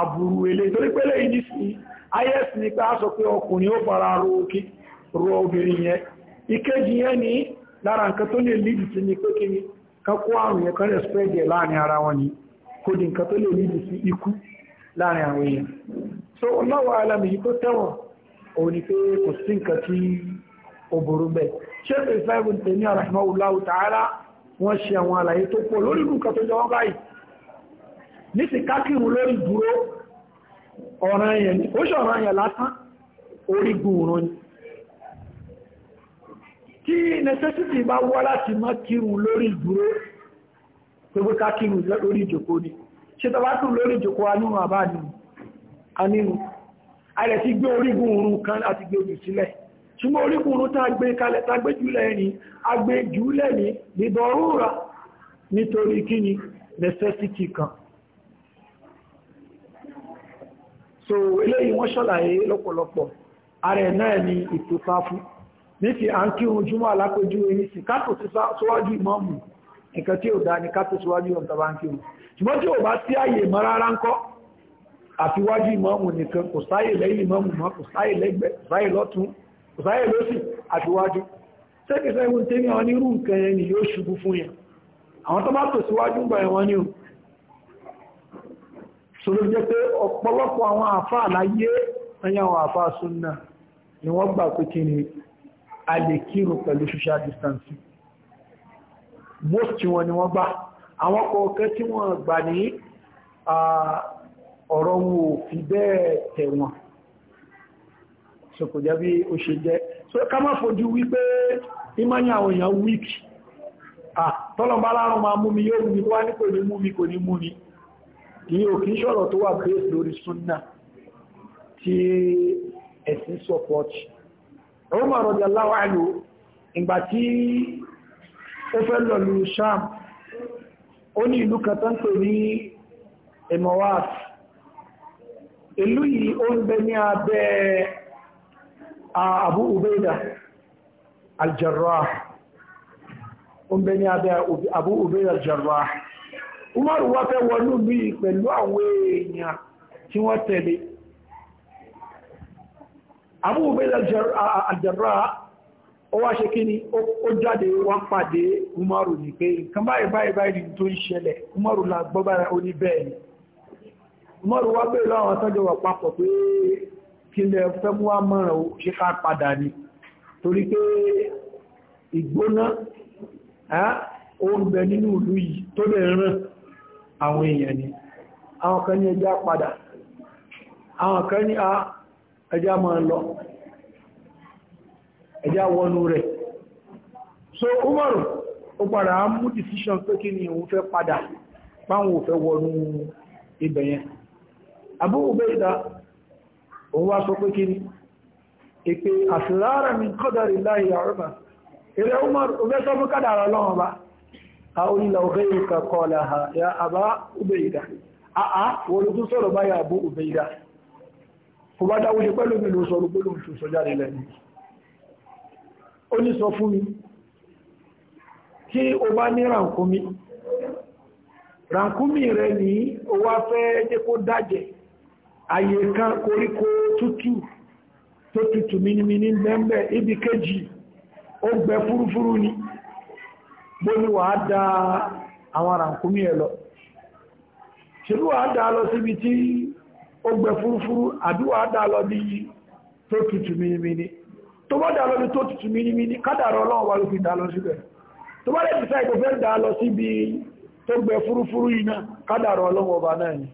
aburú eléyìí torí pé lẹ́yìn nísìnyí is ni pé a sọ pé ọkùnrin ó fara ro òkè ro obìnrin yẹn ìkejì yẹn ni lára nǹkan tó lè sí kákó àrùn yẹn kan rẹ̀ spread ẹ̀ láàrin ara wọn ni kò di nǹkan tó lè níbi sí ikú láàrin àwọn èèyàn so Allahu a'lam yìí tó tẹ̀wọ̀n òun ni pé kò sí nǹkan tí ó burú bẹ́ẹ̀ ṣé pé five and ten ní rahimahullahu ta'ala wọ́n ṣe àwọn àlàyé tó pọ̀ lórí nǹkan tó jọ wọ́n báyìí nísì kákìrù lórí dúró ọ̀ràn yẹn ni ó ṣọ̀ràn yẹn lásán orígun òrùn ni tí necessity bá wá láti má kírun lórí ìdúró gbogbo ká kírun lórí ìjòkó ni ṣe tọba kírun lórí ìjòkó anínú àbá anínú ààrẹ ti gbé orígun oorun kan láti gbé ojú sílẹ̀ ṣùgbọ́n orígun oorun tá gbé jùlẹ̀ ní agbé jùlẹ̀ ní nídọ̀rúra nítorí kí ni necessity kan so eléyìí wọ́n ṣàlàyé lọ́pọ̀lọpọ̀ ààrẹ náà ni ìtòfáfún nífi à ń kí ohun jùmọ́ alápójú ẹni sí kátò sí síwájú ìmọ́mù nǹkan tí ó dá ní kátò síwájú ọ̀tọ̀bá ń kí ohun ṣùgbọ́n tí ó bá sí ààyè mọ́ rárá ń kọ́ àfiwájú ìmọ́mù nìkan kò sáyè lẹ́yìn ìmọ́mù mọ́ kò sáyè lẹ́gbẹ́ kò sáyè lọ́tún kò sáyè lọ́sì àfiwájú sẹ́kẹsẹ́ ìwọ̀n tẹ́mi àwọn onírú ni yóò ṣubú fún ni ó sọ̀rọ̀ ni wọ́n gbà pé kí ni a lè kírun pẹ̀lú social distancing most wọn ni wọ́n gbà àwọn kọ̀ọ̀kẹ́ tí wọ́n gbà ní ọ̀rọ̀ wọn ò fi bẹ́ẹ̀ tẹ̀ wọn so kò jẹ́ bí ó ṣe jẹ́ so ká má fojú wípé ìmọ̀nyí àwọn èèyàn weak tọ́lọ̀mbá lárùn máa mú mi yóò mú mi wá ní kò ní mú mi kò ní mú ni ìyí ò kí ń tó wà based lórí súnnà tí ẹ̀sìn support Umar radiyallahu anhu ìgbà tí ó fẹ́ lọ̀lú Sham ó ní ìlú kan tán pè ní Emowat ìlú yìí ó ń bẹ ní abẹ́ Abu Ubaida al-Jarrah ó ń bẹ ní abẹ́ Abu Ubaida al-Jarrah Umar fẹ́ wọnú bí pẹ̀lú àwọn èèyàn tí wọ́n tẹ̀lé Abu Ubayda al-Jarrah ó wá ṣe kí ni ó jáde wá pàdé umaru ní pé nǹkan báyìí báyìí báyìí tó ń ṣẹlẹ̀ umaru la gbọ́ bára ó ní bẹ́ẹ̀ ni umaru wá bèèrè láwọn tọ́jọ́ wà papọ̀ pé kí lẹ fẹ́ mú wá mọ́ràn ṣe ká padà ni torí pé ìgbóná ó ń bẹ nínú ìlú yìí tó lè ràn àwọn èèyàn ni àwọn kan ní ẹjá padà àwọn kan ní a ah, ẹjá máa lọ ẹjá wọnú rẹ̀ so umaru ó padà mú decision pé kí ni òun fẹ́ padà páwọn òfẹ́ wọnú ibẹ̀ yẹn Abu Ubaida òun wá sọ pé kí ni èpè àṣìlára min qadarillahi àrùbà ilẹ̀ umaru ó fẹ́ sọ fún kádàrà a ó ní ya kò bá dáwó pẹ́lú mi ló sọ̀rọ̀ pé ló ń ṣùsọ jáde lẹ́nu ó ní sọ fún mi tí o bá ní ràǹkúmí ràǹkúmí rẹ̀ ní o wá fẹ́ jẹ́kó kó dájẹ̀ àyè kan koríko tútù tó tútù minimini bẹ́ẹ̀bẹ́ ibi kejì ó gbẹ fúrufúru ni bó ní á da àwọn ràǹkúmí ẹ lọ ṣèlú wàá ogbe furufuru aduwa adalo bi to tutu mini to bo dalo to tutu mini ka daro lo wa lo fi dalo sibe to ba le decide ko fer dalo sibi to gbe furufuru ina ka daro lo wa ba nani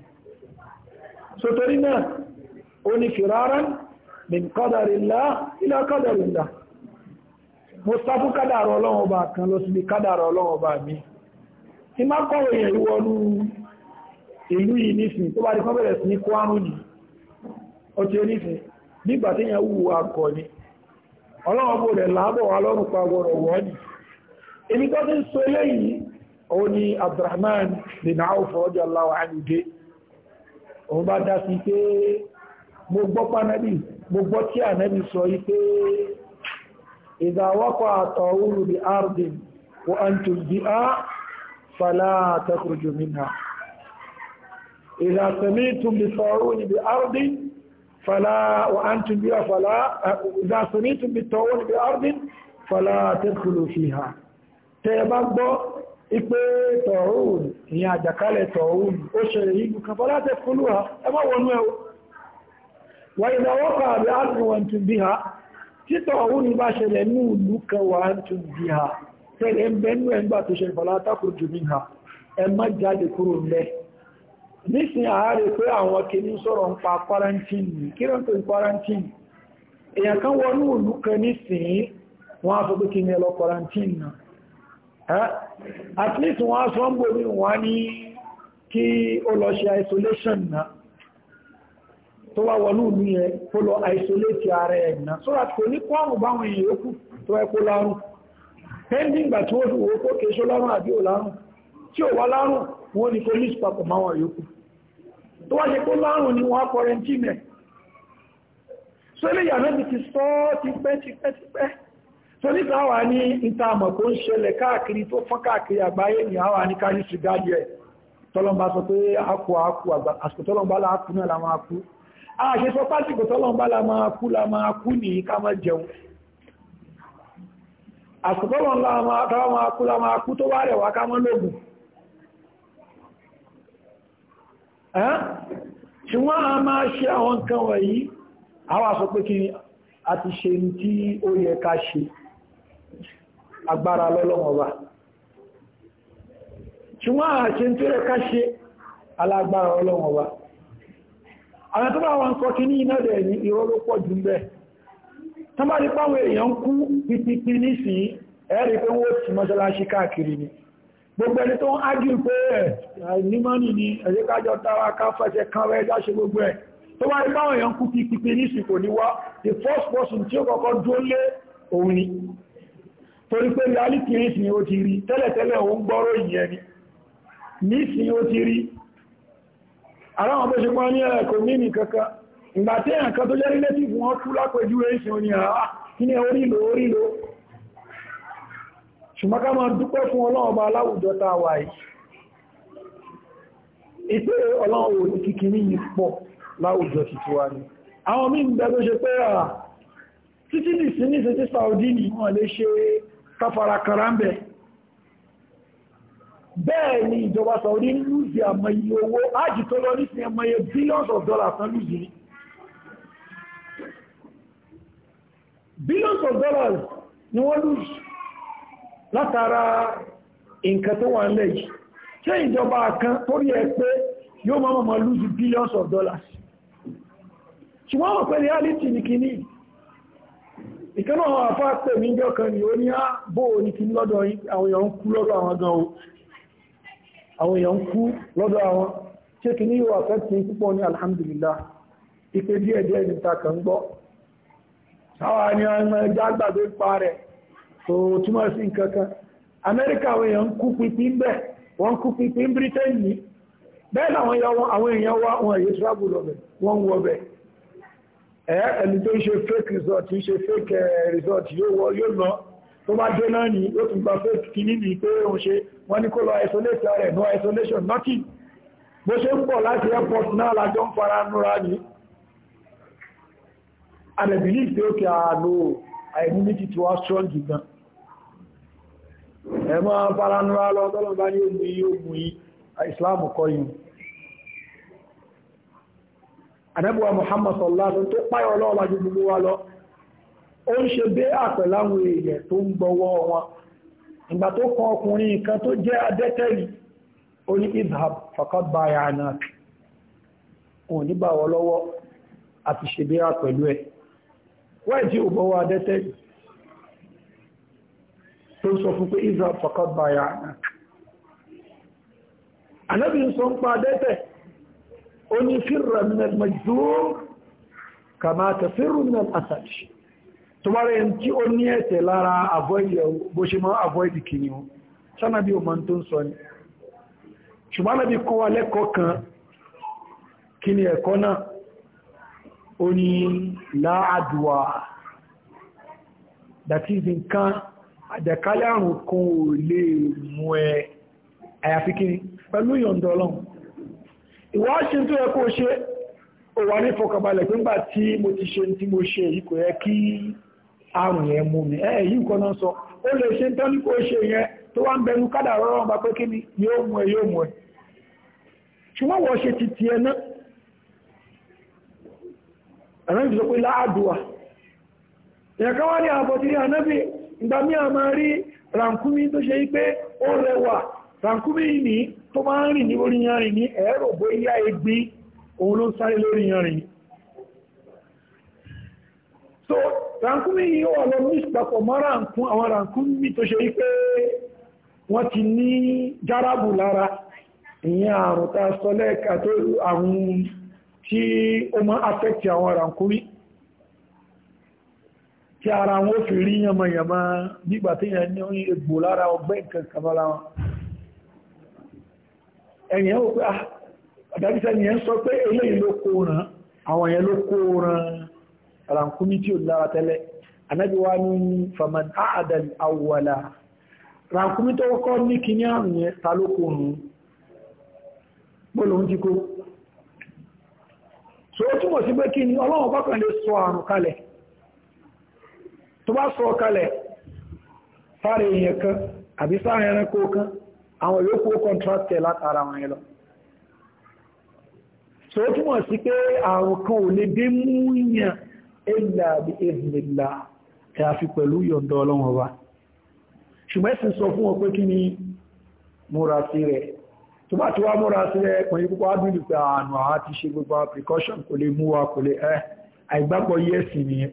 so tori na oni firaran min qadarillah ila qadarillah mustafa ka daro lo wa ba kan lo sibi ka daro lo wa ba mi ima ko ye wonu ìlú yìí nísìn tó bá di kọ́ bẹ̀rẹ̀ sí ní kó àrùn ní ó ti onísìn nígbà tí yẹn wù akọ̀ ni ọlọ́wọ́ bò rẹ̀ láàbọ̀ wà lọ́rùn pa gbọ́rọ̀ wọ́ ni èmi tó ti ń sọ eléyìí òun ni Abdurrahman bin Auf radiyallahu anhu òun bá dá sí pé mo gbọ́ pánábì mo gbọ́ tí ànábì sọ yí pé idha waqa'a at-ta'unu bi ardin wa antum biha fala takhruju minha ìlà sẹ̀mí tún bí sọ̀rọ̀ níbi ardi fàlá wà á tún bí àfàlá ìlà sẹ̀mí tún bí tọ̀wọ́ níbi ardi fàlá tẹ́kùlù fi hà tẹ́ bá gbọ́ ipé tọ̀rún ní àjàkálẹ̀ tọ̀rún ó ṣẹlẹ̀ yìí kan fọ́lá tẹ́kùlù ha ẹ má wọnú ẹ̀ wà ìlà wọ́pàá àbí jáde kúrò lẹ́ẹ̀ nísìn ààrẹ pé àwọn kìíní sọ̀rọ̀ ń pa quarantine kíran kwarantini quarantine èyàn kan wọnú ìlú kan nísìn wọ́n á sọ pé kí ní ẹlọ quarantine náà at least wọ́n á sọ ń bomi wọ́n ní kí ó lọ ṣe isolation náà tó wá wọnú kó lọ isolate ara ẹ̀ náà so that kò ní kó àrùn báwọn èèyàn yókù tó ẹ kó lárùn pending gbà tí wọ́n fi wò ó kó kéṣó lárùn àbí ò lárùn tí ò wá lárùn wọ́n ní police papọ̀ máwọn yòókù tó wá ṣe kó márùn ni wọ́n quarantine ẹ̀ so ilé ìyàwó ti ti sọ ti pẹ́ ti pẹ́ ti pẹ́ so nípa àwà ní ìtààmọ̀ tó ń ṣẹlẹ̀ káàkiri tó fọ́n káàkiri àgbáyé ni àwà ní kárí ṣìgájì ẹ̀ tọ́lọ́mbà sọ pé akú akú àsìkò tọ́lọ́mbà láàkú náà la máa kú àṣẹ sọ la máa kú la máa kú ní ká má jẹun la máa kú tó wá rẹ̀ wá ká mọ́ lóògùn tí wọ́n a máa ṣe àwọn nǹkan wọ̀nyí àwọn àṣọ pé a ti ṣe ní tí ó yẹ ká ṣe agbára lọ́lọ́mọba tí wọ́n a ṣe ní tí ó yẹ ká ṣe alágbára lọ́lọ́mọba àwọn tó bá wọn kọ́ kí ní iná rẹ̀ ní irọ́ ló pọ̀ jù bẹ́ẹ̀ gbogbo ẹni tó ń ágìl pé ẹ̀ nímọ́nì ni ẹ̀yẹ́kájọ́ tàwà ká fẹ́ṣẹ́ kánwẹ́ ẹjáṣe gbogbo ẹ̀ tó wá ipá ọ̀yàn kú kí pípé ní ìsìnkò ní the first person tí ó kọ́kọ́ dúró lé òun ni torí pé reality ìsìn ó ti rí tẹ́lẹ̀tẹ́lẹ̀ òun gbọ́rọ̀ ìyẹn ni nísìn ó ti rí ara wọn bó ṣe pọ́n ní ẹ̀kọ́ mímì kankan ìgbà tí ẹ̀kan tó jẹ́ relative wọn kú lápẹjú ẹ̀sìn òní àá ah, kí ni orílò orílò ṣùgbọ́n ká máa dúpẹ́ fún ọlọ́run bá aláwùjọ tá a wà yìí ìpé ọlọ́run ò ní kìkìrí yìí pọ̀ láwùjọ títí wá ní àwọn míì ń bẹ tó ṣe pé à títí dì sí níṣe tí Saudi ní wọ́n lè ṣe káfàrà karambẹ̀ bẹ́ẹ̀ ni ìjọba Saudi ń lùzì àmọye owó ájì tó lọ nísìn àmọye billions of dollars tán lùzì ní billions of dollars ni wọ́n lùzì látara nǹkan tó wà nílẹ̀ yìí ṣé ìjọba kan torí ẹ pé yóò máa máa lose billions of dollars ṣùgbọ́n wọ́n pẹ̀ reality ní kìíní ìkaná àwọn àfá pẹ̀ ní ìjọ kan ni ó ní àbò ah, ní kí lọ́dọ̀ àwọn èèyàn ń kú lọ́dọ̀ àwọn gan o àwọn èèyàn ń kú lọ́dọ̀ àwọn ṣe kì ní yóò àfẹ́tì púpọ̀ ní alhamdulillah ipe díẹ̀ díẹ̀ ní ta kàn gbọ́ sáwà ni àwọn ẹgbẹ́ àgbàdo pa rẹ̀ so túmọ̀ sí nǹkankan amẹ́ríkà àwọn èèyàn ń kú pínpín bẹ́ẹ̀ wọ́n ń kú pínpín britain ní bẹ́ẹ̀ làwọn àwọn èèyàn wá wọn èyí travel lọ́bẹ̀ wọ́n ń wọbẹ̀ ẹ̀ ẹni tó ń ṣe fake resort, ń ṣe fake resort. yóò wọ yóò lọ tó bá dé náà ní ó tún gba fake kìíní ní pé òun ṣe wọ́n ní kó lọ isolate rẹ̀ no isolation nothing bó ṣe ń bọ̀ láti airport náà lájọ́ ń fara núra ní and i believe pé ó kí ah, I àìmúnítì to wá strong gan ẹ máa faranúra lọ tọ́lọ̀ bá ní ogun yí ogun yí islam kọ́ yìí muhammad sallallahu tó páyọ̀ ọlọ́ọ̀lá ju gbogbo wa lọ ó ń ṣe bí àpẹ̀láwọn èèyàn tó ń gbọ́wọ́ wọn ìgbà tó kan ọkùnrin kan tó jẹ́ adẹ́tẹ̀lì ó ní idhab faqad baya'nak òun wọ lọ́wọ́ àti ṣe tó sọ fún pé israel fọ́kọ́ báyà náà anábì ń sọ ń pa dẹ́tẹ̀ ó ní fírra minal majzum kàmá tafirru minal asad tó bá rẹ̀ tí ó ní ẹ̀tẹ̀ lára avoid bó ṣe máa avoid kìnìún sánàbí o máa tó ń sọ ni ṣùgbọ́n anábì kọ́ wa that is in nǹkan àjẹ̀kálẹ̀ àrùn kan ò lè mú ẹ àyàfi kí ni pẹ̀lú ìyọ̀ǹda ọlọ́run ìwọ́ ṣe tó yẹ kó ṣe ó wà ní fọkànbalẹ̀ pé nígbà tí mo ti ṣe tí mo ṣe yìí kò yẹ kí àrùn yẹn mú mi ẹ̀ yìí nǹkan sọ ó lè ṣe tán ní kó ṣe yẹn tó wá ń bẹnu kádà rọrọ̀ bá pé kí ni yóò mú ẹ yóò mú ẹ ṣùgbọ́n wọ́n ṣe ti tiẹ̀ náà ẹ̀rọ ìfisọ́pẹ́ láàdùwà ìyẹ̀kan wá ní àbọ̀tí ní ànábì ìgbà mí a máa rí ràǹkúmí tó ṣe pé ó rẹwà ràǹkúmí ní tó máa ń rìn ní orí yanrìn ní ẹ̀rọ bóyá egbin òun ló sáré lórí yanrìn so ràǹkúmí yìí wà lọ ní ìpapọ̀ mọ́ ràǹkún àwọn ràǹkúmí tó ṣe pé wọ́n ti ní járàbù lára ìyẹn àrùn tá a sọ lẹ́ẹ̀ka tó àrùn tí ó máa affect àwọn ràǹkúmí tí ara wọn fi rí ya nígbà tí yàn ní egbò lára ọgbẹ́ nǹkan kàmọ́ra wọn ẹ̀yìn ó pé ah, àdájíṣẹ́ ni ẹ̀ ń sọ pé eléyìí ló kó ràn àwọn yẹn ló kó ràn tí ò lára tẹ́lẹ̀ anábíwá ní faman aadal tó kọ́ ní kíní àrùn yẹn ta ló kó so ó túmọ̀ sí pé kí ni ọlọ́run lè sọ àrùn kalẹ̀ tó bá sọ kalẹ̀ fáre èèyàn kan àbí sáà ẹranko kan àwọn yóò kó kọ́ntrátẹ̀ látara wọn lọ so ó túnmọ̀ sí pé àwọn kan ò lè dé múyàn ẹ̀là bí ẹ̀zìnlá ẹ̀ àfi pẹ̀lú yọ̀ǹda ọlọ́run ọba ṣùgbọ́n sì sọ fún wọn pé kí ni múra sí rẹ̀ tó bá ti wá múra sí rẹ̀ pẹ̀lú púpọ̀ ábìlì pé àánú àá ṣe gbogbo precaution kò lè mú wa kò lè ẹ́ àìgbàgbọ́ yẹ́sì nìyẹn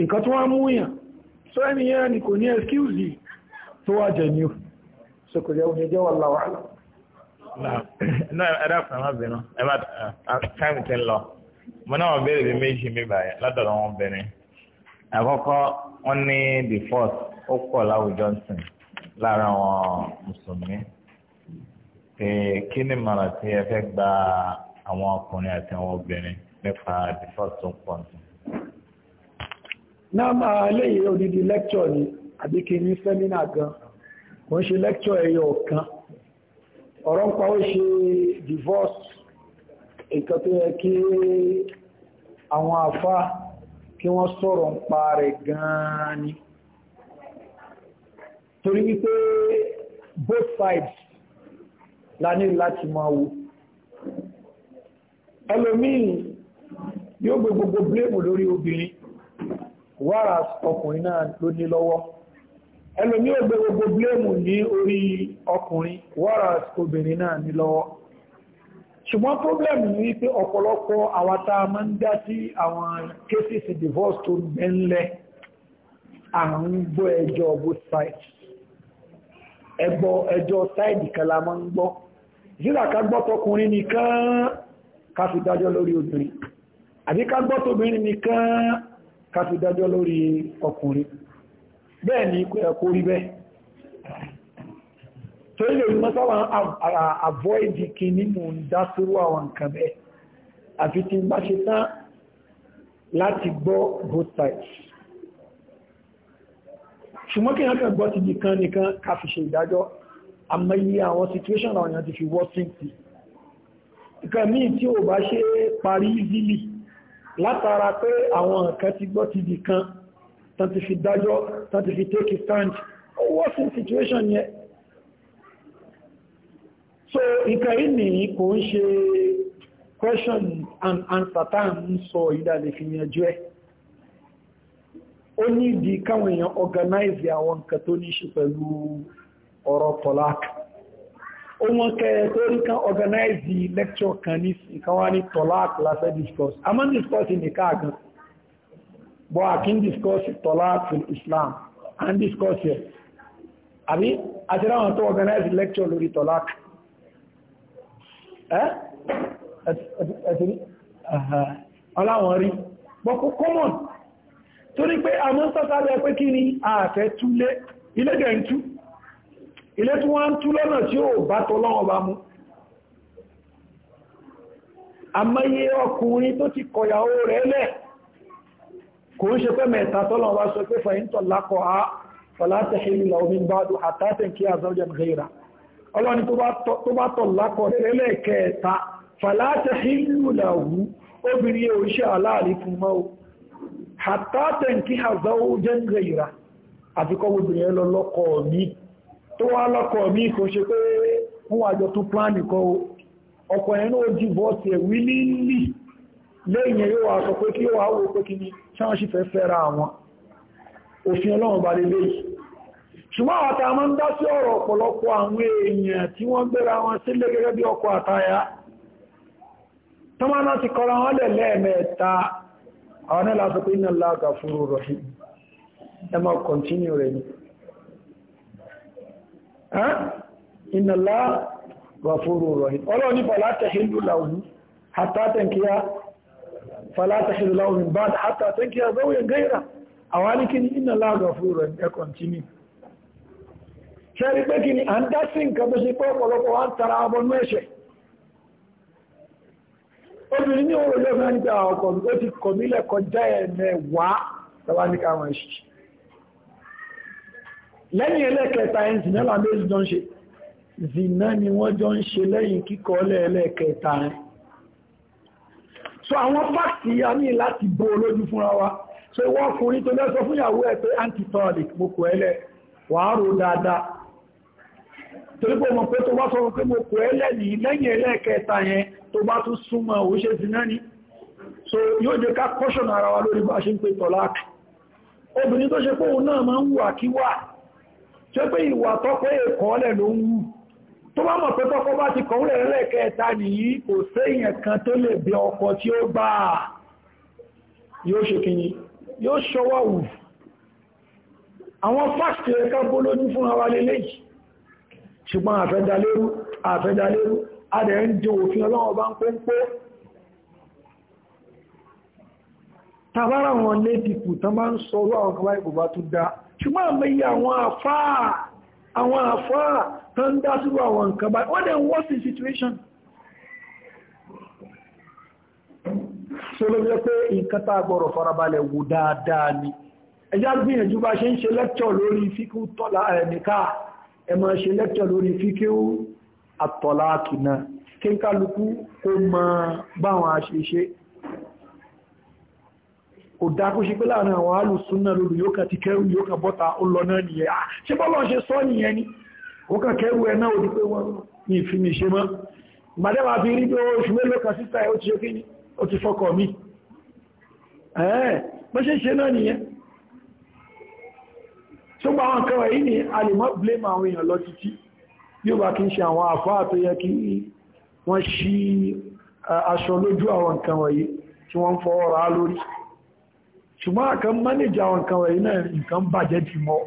nǹkan tó wá múyàn so ẹni yẹn ni kò ní ẹskíùsì tó wá jẹ ní o so kò jẹ́ oúnjẹ jẹ́ wà láwàá náà ẹ̀dá fún ẹ̀má bẹ̀rẹ̀ ẹ bá táìmù tẹ́ lọ mo náà wọ́n béèrè bí méjì mi báyìí lọ́dọ̀ wọn bẹ̀rẹ̀ àkọ́kọ́ wọ́n ní the kí ni màrà tí ẹ fẹ́ gba àwọn ọkùnrin àti àwọn obìnrin nípa the tó pọ̀ sí náà máa léyìí odidi lẹ́kṣọ̀ ni àbí kí ní sẹ́mínà gan kò ń ṣe lẹ́kṣọ̀ ẹyọ ọ̀kan ọ̀rọ̀ ń pa divorce nǹkan tó yẹ kí àwọn àfá kí wọ́n sọ̀rọ̀ ń pa rẹ̀ gan-an ni torí both sides la ní láti máa wo ẹlòmíì yóò gbogbo blame lórí obìnrin wàrà ọkùnrin náà ló ní lọ́wọ́ ẹlòmí ò gbé gbogbo bléèmù ní orí ọkùnrin wàrà obìnrin náà ní lọ́wọ́ ṣùgbọ́n problem ní pé ọ̀pọ̀lọpọ̀ àwata máa ń dá sí àwọn cases divorce tó gbẹ́ńlẹ̀ àwọn gbọ́ ẹjọ́ both ẹjọ́ side kan la máa ń gbọ́ ìsìlá ká gbọ́ tọkùnrin nìkan ká fi dájọ́ lórí obìnrin àbí gbọ́ tóbìnrin nìkan ká fi dájọ́ lórí ọkùnrin bẹ́ẹ̀ ni kò rí bẹ́ẹ̀ torí lè mọ́ sáwà àvọ́ìdì kí nínú dásúrú àwọn nǹkan bẹ́ẹ̀ àfi tí bá ṣe tán láti gbọ́ both sides ṣùgbọ́n kí ẹ̀kọ́ gbọ́ ti kan nìkan ti látara pé àwọn nǹkan ti gbọ́ ti di kan tán ti fi dájọ́ tán fi take stand ó worsen situation yẹn so nǹkan yìí kò ń ṣe question and answer time, à ń sọ ìdálẹ̀ fi yanjú ẹ̀ ó ní ìdí káwọn èèyàn organize àwọn nǹkan tó ní ṣe pẹ̀lú ọ̀rọ̀ tọ́láàkì ó wọ́n kẹ́ torí kan organize lecture kan ní nǹkan wá ní tọ́láàkì lásẹ̀ discuss a máa ń discuss nìkan àgàn bọ́ a kì ń discuss tọ́láàkì Islam a ń discuss yẹ àbí àti ráwọn tó organize lecture lórí tọ́láàkì ẹ́ ẹ̀tìrí ọláwọn rí bọ́kú common torí pé a mọ́ sọ́sábẹ́ pé kí ni ààfẹ́ túlé ilé jẹ́ ń tú ilé tí wọ́n ń tú lọ́nà tí ó bá tọ́lọ́wọ́ bá mú àmọ́yé ọkùnrin tó ti kọ̀yàwó rẹ̀ lẹ̀ kò ń ṣe pé mẹ́ta tọ́lọ́wọ́ bá sọ pé fàyíntọ̀ lákọ̀ á fàlátẹ̀ṣẹ́lú làwọn bá dùn àtàtẹ̀ kí àzọ́jẹ̀ mẹ́ra ọlọ́ni tó bá tọ̀ lákọ̀ rẹ̀ lẹ̀ kẹta fàlátẹ̀ṣẹ́lú làwọn obìnrin àfikọ́ obìnrin lọ lọ́kọ̀ọ́ míì tó wá lọ́kọ̀ mi kò ṣe pé wọ́n wà jọ tún plan nìkan o ọkọ̀ ẹ̀nà ẹ̀ lẹ́yìn yóò wà sọ pé kí wà pé kí ni ṣáwọn fẹ́ fẹ́ra àwọn òfin ọlọ́run bá lè léyìí ṣùgbọ́n àwọn tá máa ń dá sí ọ̀rọ̀ ọ̀pọ̀lọpọ̀ àwọn èèyàn tí wọ́n gbéra wọn sílé gẹ́gẹ́ bí ti wọn lẹ̀ lẹ́ẹ̀mẹ́ta àwọn pé iná ìnàlá gọ̀fúrú rọ̀hìn ọlọ́ni fàlátàhìlú láwùú hátátàkíyà fàlátàhìlú láwùú bá hátátàkíyà zauyen gaira a wani kí ni ìnàlá gọ̀fúrú rọ̀hìn ẹ kọ̀ntínì ṣẹ́rí pé kí ni a ń dá sí nǹkan tó ṣe pé ọ̀pọ̀lọpọ̀ wá ń tara abọ́nú ẹ̀ṣẹ̀ obìnrin ní òun yóò fẹ́ nípa ah, ọkọ̀ tó ti kọ̀ nílẹ̀ kọjá ẹ̀mẹ̀wàá tàbá ní káwọn ẹ̀ṣẹ̀ lẹ́yìn ẹlẹ́kẹta ẹni zìnà làmẹ́sì jọ ń ṣe zìnà ni wọ́n jọ ń ṣe lẹ́yìn kíkọ́ lẹ́ẹ̀lẹ́kẹta ẹ̀ so àwọn fáàkì ya ní láti bó olójú fúnra wa so wọ́n ọkùnrin tó lẹ́sọ fún ìyàwó ẹ̀ pé antitolic mo kò ẹlẹ́ wàá rò dáadáa torí pé mọ̀ pé tó bá sọ pé mo kò ẹlẹ́ ní lẹ́yìn ẹlẹ́kẹta yẹn tó bá tún súnmọ́ ò ṣe zìnà ni so yóò jẹ́ ká kọ́ṣọ̀nà ara wa lórí bá ṣe ń pè tọ́lá obìnrin tó ṣe pé òun náà máa ń wà kí wà ṣe pé ìwà tọ́kọ́ èkọ́ lẹ̀ ló ń wù tó bá mọ̀ pé tọ́kọ́ bá ti kọ̀ọ́lẹ̀ ẹlẹ́kẹta nìyí kò séèyàn kan tó lè bẹ ọkọ tí ó gbà yóò ṣe kìíní yóò ṣọwọ́ wù àwọn fásitì ẹ̀ká bólójú fún àwa lélẹ́yìí ṣùgbọ́n àfẹ́dalérú àfẹ́dalérú adẹ̀ ń jẹ òfin ọlọ́wọ́ bá ń pé ń pé tàbára wọn lé dìpù tán bá ń sọ orú àwọn kọwàá tó dáa ṣùgbọ́n àmì iye àwọn àfáà àwọn àfáà tó ń dá sílò àwọn nǹkan báyìí wọ́n dẹ̀ wọ́n sí situation so ló jẹ́ pé nǹkan tá gbọ́rọ̀ farabalẹ̀ wò dáadáa ni ẹjá gbìyànjú bá ṣe ń ṣe lẹ́kṣọ̀ lórí fíkú tọ́lá ẹ̀nìká ẹ máa ṣe lẹ́kṣọ̀ lórí fíkú àtọ̀lá kìnnà kí ń kálukú kó mọ báwọn àṣeṣe kò dákó ṣe pé láàrin àwọn alùsùn náà lórí yóò kà ti kẹrù yóò kà bọ́ta ó lọ náà nìyẹn à ah, ṣe bọ́lọ̀ ṣe sọ nìyẹn ni ó kà kẹrù ẹ náà ó di pé wọ́n ní ìfìmì ṣe mọ́ ìgbàdẹ́wà fi rí bí ó ni ó ti fọkọ̀ mi blame àwọn èèyàn lọ títí bí ó bá kí ń ṣe àwọn àfáà tó yẹ eh, aṣọ lójú àwọn nǹkan wọ̀nyí tí wọ́n ń fọwọ́ ra lórí ṣùgbọ́n àkan mánìjà àwọn kan wọ̀nyí náà nǹkan bàjẹ́ ti mọ́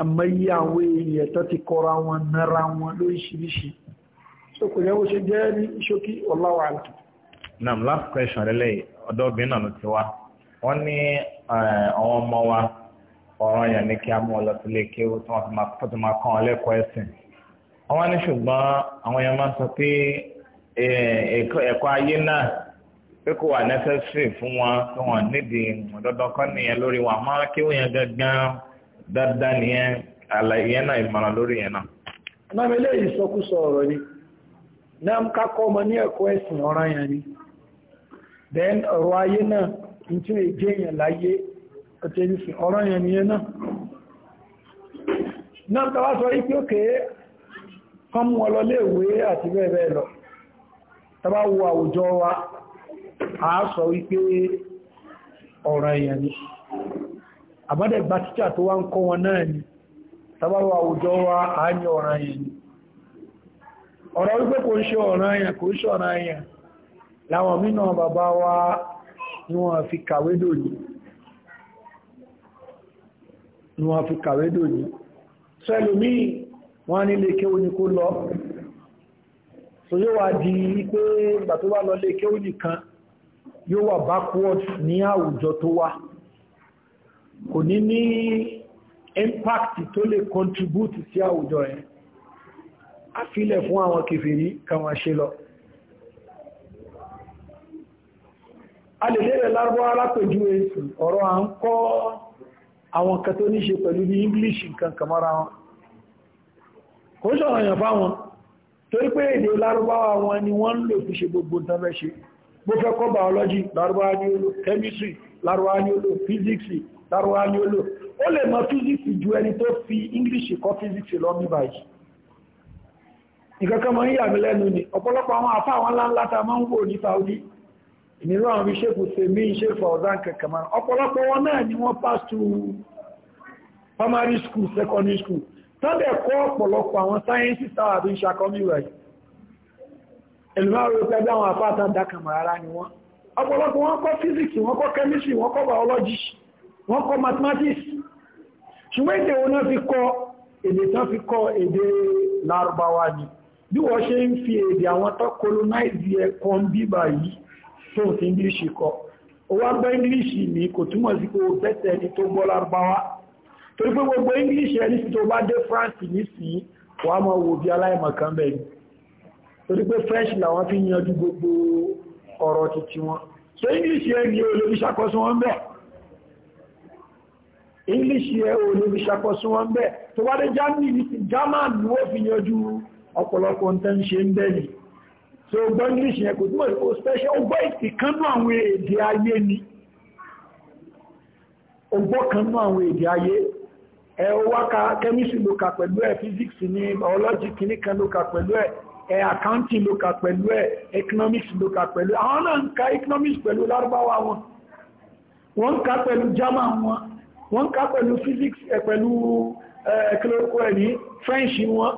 àmọ́ iye àwọn èèyàn tó ti kọra wọn nára wọn lóríṣiríṣi so kò yẹ bó ṣe jẹ́ ní ṣókí ọláwà àlà. nam last question lele ọ̀dọ́ obìnrin náà ló ti wá wọ́n ní eh, àwọn ọmọ wa ọ̀ràn yẹn ní kí a mú ọ lọ sílé kí ó tó máa kọ́ ọ lẹ́kọ̀ọ́ ẹ̀sìn wọ́n wá ní ṣùgbọ́n àwọn yẹn máa ń sọ pé eh, ẹ̀kọ́ ayé náà pé kò wà nẹ́sẹ̀sì fún wọn kí wọ́n nídìí dandan kan nìyẹn lórí wọn àmọ́ kí wọ́n yẹn gangan dandan nìyẹn àlàyé náà ìmọ̀ràn lórí yẹn náà. náà eléyìí ìsọkúsọ ọ̀rọ̀ ni náà ká kọ́ ọmọ ní ẹ̀kọ́ ẹ̀sìn ọ̀ràn yẹn ni then ọ̀rọ̀ ayé náà ní tí wọ́n jẹ́ yẹn láyé ọ̀tẹ̀ ìsìn ọ̀ràn yẹn nìyẹn náà. náà tàwa sọ yìí òkè kán mú ọ àti bẹ́ẹ̀ bẹ́ẹ̀ lọ tàbá wo àwùjọ wa a sọ wípé ọ̀rọ̀ èèyàn ni àmọ́dẹ̀gbà títà tó wá ń kọ́ wọn náà ni àwùjọ wa a ní ọ̀rọ̀ èèyàn ni ọ̀rọ̀ wípé kò ń ṣe ọ̀rọ̀ èèyàn láwọn mínà bàbá wa ni wọ́n fi kàwé dòní ni wọ́n fi kàwé dòní lọ so yóò wá di pé ìgbà tó wá lọlé kéwú nìkan yóò wà backward ní àwùjọ tó wà kò ní ní impact tó lè contribute sí àwùjọ ẹ̀ a fílẹ̀ fún àwọn kèfèrí kàwọn ṣe lọ a lè lérẹ̀ lárúbọ́ alápẹ̀jú èsì ọ̀rọ̀ à ń kọ́ àwọn nǹkan tó ní ṣe pẹ̀lú ní English nǹkan kàmọ́ra wọn kò ṣọ̀rọ̀ yàn fáwọn torí pé èdè lárúbáwá wọn ni wọ́n ń lò fi ṣe gbogbo tánbẹ́ bó fẹ́ kọ́ biology lárúbáwá ni ó chemistry lárúbáwá ni ó lò physics lárúbáwá ni ó lò ó lè mọ physics ju ẹni tó fi english kọ́ physics lọ ní báyìí ìkankan mọ́ ń yà mí lẹ́nu ni ọ̀pọ̀lọpọ̀ àwọn àfá àwọn ńláńlá ta máa ń wò ní saudi ìnirú àwọn ni wọ́n pass through primary school secondary school tọ́bẹ̀ kọ́ ọ̀pọ̀lọpọ̀ àwọn sáyẹ́nsì tàwà bí ń ṣàkọ́mí rẹ̀ ẹ̀lùmọ́rò pẹ̀lú àwọn àpáta dákàmà ara ni wọ́n ọ̀pọ̀lọpọ̀ wọ́n kọ́ físíkì wọ́n kọ́ kẹ́mísì wọ́n kọ́ biology wọ́n kọ́ mathematics ṣùgbọ́n èdè wọn náà fi kọ́ èdè tán fi kọ́ èdè lárúbáwá ni bí wọ́n ṣe ń fi èdè àwọn tó colonize ẹ kọ́ ń torí pé gbogbo english ẹni tó bá dé france nísìnyí wà á máa wò bí aláìmọ̀kan bẹ́ẹ̀ ni torí pé french làwọn fi yanjú gbogbo ọ̀rọ̀ títí wọn so english yẹn ni olóbi ṣàkóso wọn bẹ́ẹ̀ english yẹn olóbi ṣàkóso wọn bẹ́ẹ̀ tó bá dé germany ní ti german ni wọ́n fi yanjú ọ̀pọ̀lọpọ̀ nǹkan ṣe ń bẹ́ẹ̀ ni so gbọ́ english yẹn kò túnmọ̀ ó special ó gbọ́ ìkánú àwọn èdè ayé ni ó gbọ́ kanú àwọn èdè ayé ẹ wá ka chemistry ló ka pẹ̀lú ẹ̀ physics ní biology kìíní kan ló ka pẹ̀lú ẹ̀ ẹ accounting ló ka pẹ̀lú ẹ̀ economics ló ka pẹ̀lú ẹ̀ àwọn náà ń ka economics pẹ̀lú lárúbáwá wọn wọ́n ń ka pẹ̀lú german wọn wọ́n ń ka pẹ̀lú physics ẹ̀ pẹ̀lú ẹ̀kílókò ẹ̀ ní french wọn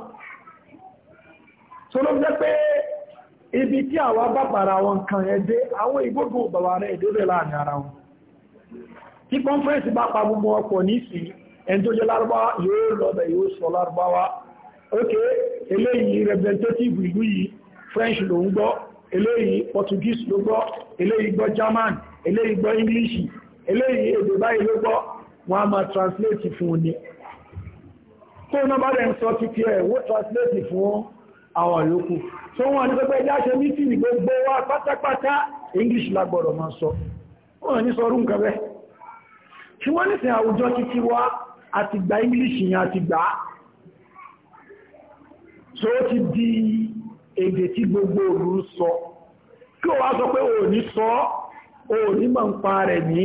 so ló jẹ́ pé ibi tí àwa bá bàrà wọn kan ẹ̀ dé àwọn ìgbógun bàbá rẹ̀ èdè rẹ̀ láàrin ara wọn tí conference bá pa gbogbo ọkọ̀ nísìnyí ẹni tó jẹ́ lárúbáwá yóò lọ́bẹ̀ yóò sọ lárúbáwá ok eléyìí representative ìlú yìí french ló ń gbọ́ eléyìí portuguese ló gbọ́ eléyìí gbọ́ german eléyìí gbọ́ english eléyìí èdè báyìí ló gbọ́ wọ́n a máa translate fún ni tó iná bá rẹ̀ ń sọ títí ẹ̀ wó translate fún àwọn yòókù tó wọ́n ní pẹ́pẹ́ ìdáṣẹ́ mítìrì gbogbo wá pátápátá english lágbọ́dọ̀ máa sọ wọ́n ní sọ rú nǹkan bẹ́ ṣùgbọ́n nísìn àwùjọ títí wá àti gba english yẹn àti gbà á so ó ti di èdè tí gbogbo òru sọ kí o wá sọ pé o ní sọ o ní mọ̀ ń pa rẹ̀ ní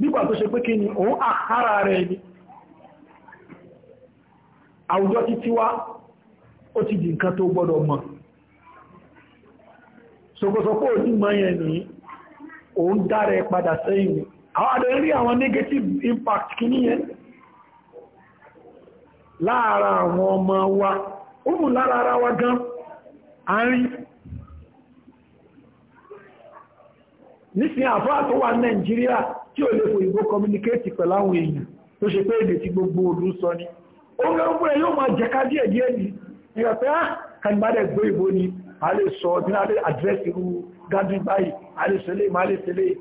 nígbà tó ṣe pé kí ni òun àkárà rẹ̀ ni àwùjọ títí wá ó ti di nǹkan tó gbọ́dọ̀ mọ̀ sọ̀kọ̀sọ̀kọ̀ òní mọ̀ yẹn ní òun dára padà sẹ́yìn àwọn adẹ́rí àwọn negative impact kí ní yẹn láàárín àwọn ọmọ wa ó mú lára ara wa gan àárín nísìn àfáà tó wà nàìjíríà tí ò lè fò ìbò communicate pẹ̀lú àwọn èèyàn tó ṣe pé èdè tí gbogbo olú sọ ní ó gẹ́rù pé yóò máa jẹ́ká díẹ̀ díẹ̀ ní ìrọ̀pẹ́ ah, kanibadẹ̀ gbé ìbò ni a lè sọ ní a lè address irú gathering báyìí a lè sẹlẹ̀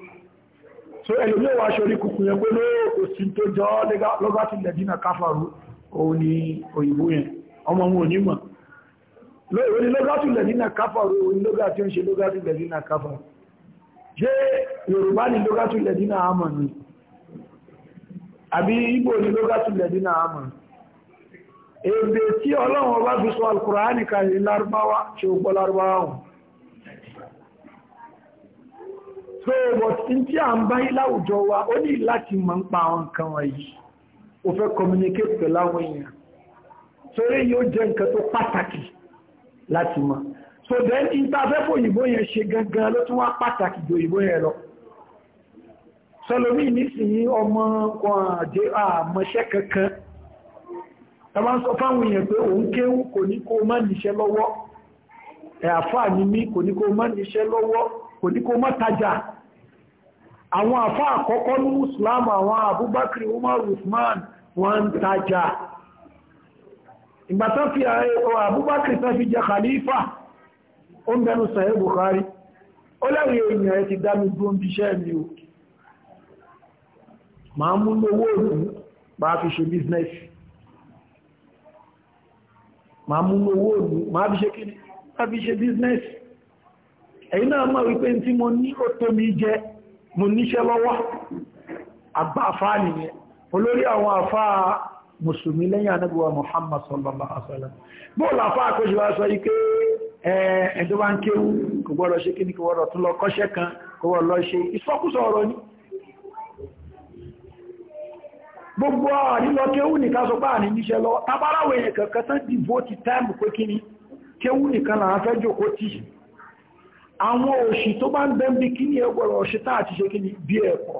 so ẹlòmíwà aṣọ orí kùkù yẹn pé lóòkòsí tó jọ lọ́gbàtí lẹ́dínà òun ni òyìnbó yẹn ọmọ wọn ò ní mọ̀ lóòrò ní lọ́gátù lẹ̀dínà káfàrò ní lọ́gátù ń ṣe lọ́gátù lẹ̀dínà káfàrò ṣe yorùbá ní lọ́gátù lẹ̀dínà àmà ni àbí ìgbò ní lọ́gátù ṣe so but tí a wa o ni pa yi. o fẹ́ communicate pẹ̀lú àwọn èèyàn torí yóò jẹ́ nǹkan tó pàtàkì láti mọ̀ so then interfẹ́fẹ́ òyìnbó yẹn ṣe gangan ló tún wá pàtàkì ju òyìnbó yẹn lọ sọlọ́mí nísìnyí ọmọ kan àjẹ́ àmọ́ṣẹ́ kankan tàbá ń sọ fáwọn èèyàn pé òun kéwú kò ní kó má níṣẹ́ lọ́wọ́ ẹ̀àfà ní mí kò ní kó má níṣẹ́ lọ́wọ́ kò ní kó má tajà àwọn àfà àkọ́kọ́ ní Islam àwọn Abubakar Umar Usman wọ́n ń tajà ìgbà tán fi Abubakar tán fi jẹ khalifa ó ń bẹnu sahih Bukhari ó lẹ́rìí èèyàn ẹ ti dá mi gbóhùn bíṣẹ́ mi o máa mú lówó òkú bá fi ṣe business, máa mú lówó òkú máa fi ṣe kí bá fi ṣe bíznẹ́sì ẹ̀yìn náà mọ̀ wípé tí mo ní ó tó mi jẹ mo níṣẹ́ lọ́wọ́ àgbà àfáà nìyẹn olórí àwọn àfáà mùsùlùmí lẹ́yìn anábíwá Muhammad sallallahu alaihi wasallam bóòlù àfáà kó ṣe wá sọ yí pé ẹ̀ẹ́dọ́ bá ń kéwú kò gbọ́dọ̀ ṣe kíní kò gbọ́dọ̀ tún lọ kọ́ṣẹ́ kan kò lọ ni gbogbo àrílọ kéwú nìkan sọ pé àní níṣẹ́ lọ tabaráwọ̀ èèyàn kankan tán dìbò ti táìmù pé kíní kéwú àwọn òṣì tó bá ń bẹ́ ń bí ẹgbọ̀rọ̀ òṣì táà ti ṣe kíní bí ẹ̀pọ̀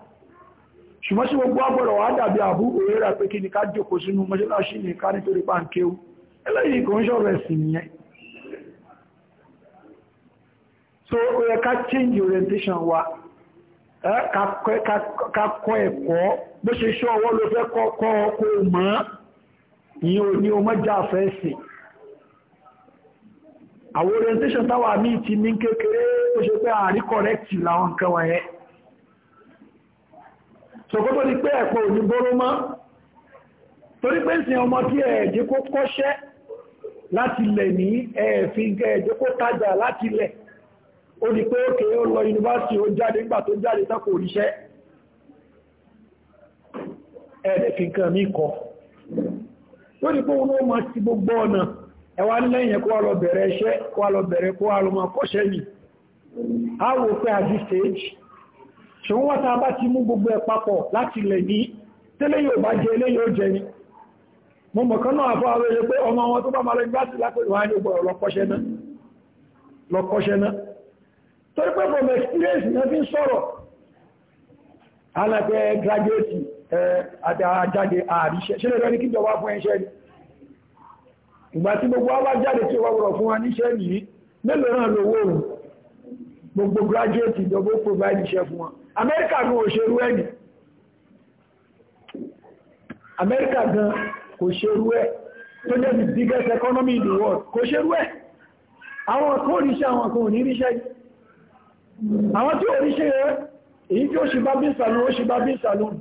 ṣùgbọ́n sí gbogbo agbọ́rọ̀ wà dàbí àbú òwúrà pé kí ni ká jòkó sínú mọ́ṣáláṣí ní ká nítorí pàǹkéwú eléyìí kò ń ṣọ̀rọ̀ ẹ̀sìn nìyẹn so ó yẹ ká change orientation wa ká kọ́ ẹ̀kọ́ bó ṣe ṣọ́ ọwọ́ ló fẹ́ kọ́ ọkọ̀ mọ́ ìyẹn ò ní o mọ́jà fẹ́ẹ̀sìn àwọn orientation táwa míì ti ní kékeré ó ṣe pé àárí correct làwọn nǹkan wọ̀nyẹn ṣòkótó ni pé ẹ̀kọ́ òní bóró mọ́ torí pé ìsìn ọmọ tí ẹ̀ẹ̀dẹ́ kó kọ́ṣẹ́ láti lẹ̀ ní ẹ̀ẹ̀fin ẹ̀ẹ̀dẹ́ kó tajà láti lẹ̀ ó di pé òkè ó lọ yunifásitì ó jáde nígbà tó jáde tán kò ríṣẹ́ ẹ̀ẹ̀dẹ̀fin kan mí kọ ó di pé òun stage ṣe wọ́n ta bá ti mú gbogbo ẹ̀ papọ̀ láti lẹ̀ ní tẹ́lẹ̀ yóò bá jẹ ilé yóò jẹ ni mo mọ̀ kan náà fọ́ àwọn èrè pé ọmọ wọn tó bá máa lọ gbáàtì lápẹ́ ìwọ̀n ayé gbọ́ lọ́kọ́ṣẹ́ náà torí pé from experience náà fi ń sọ̀rọ̀ gbogbo wá jáde tí ó wáwọ̀rọ̀ fún wa níṣẹ́ yìí mélòó náà lówó òun gbogbo graduate ìjọba ó provide iṣẹ́ fún wọn amẹ́ríkà gan ò ṣerú ẹni amẹ́ríkà gan kò ṣerú ẹ tó jẹ́ the biggest economy in the world kò ṣerú ẹ àwọn kan oríṣẹ́ àwọn kan ò ní ríṣẹ́ àwọn tí oríṣẹ́ èyí tí ó ṣe bá bí sàlún ó ṣe bá bí sàlún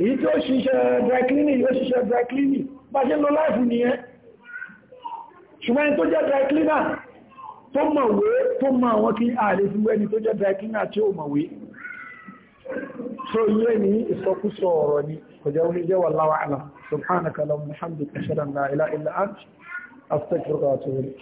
èyí tí ó ṣiṣẹ́ dry cleaning yóò ṣiṣẹ́ dry cleaning bá ṣe lọ láìfù nìyẹn ṣùgbọ́n tó jẹ́ dry cleaner tó mọ̀wé tó mọ̀ àwọn kí ààrẹ fi wẹ́ni tó jẹ́ dry cleaner tí ó mọ̀wé so yíyẹ ní ìsọkúsọ ọ̀rọ̀ ni kò jẹ́ oníjẹ́ wà láwàá náà subhanaka lahumma hamdika ashhadu an la ilaha illa ant astaghfiruka wa atubu ilayk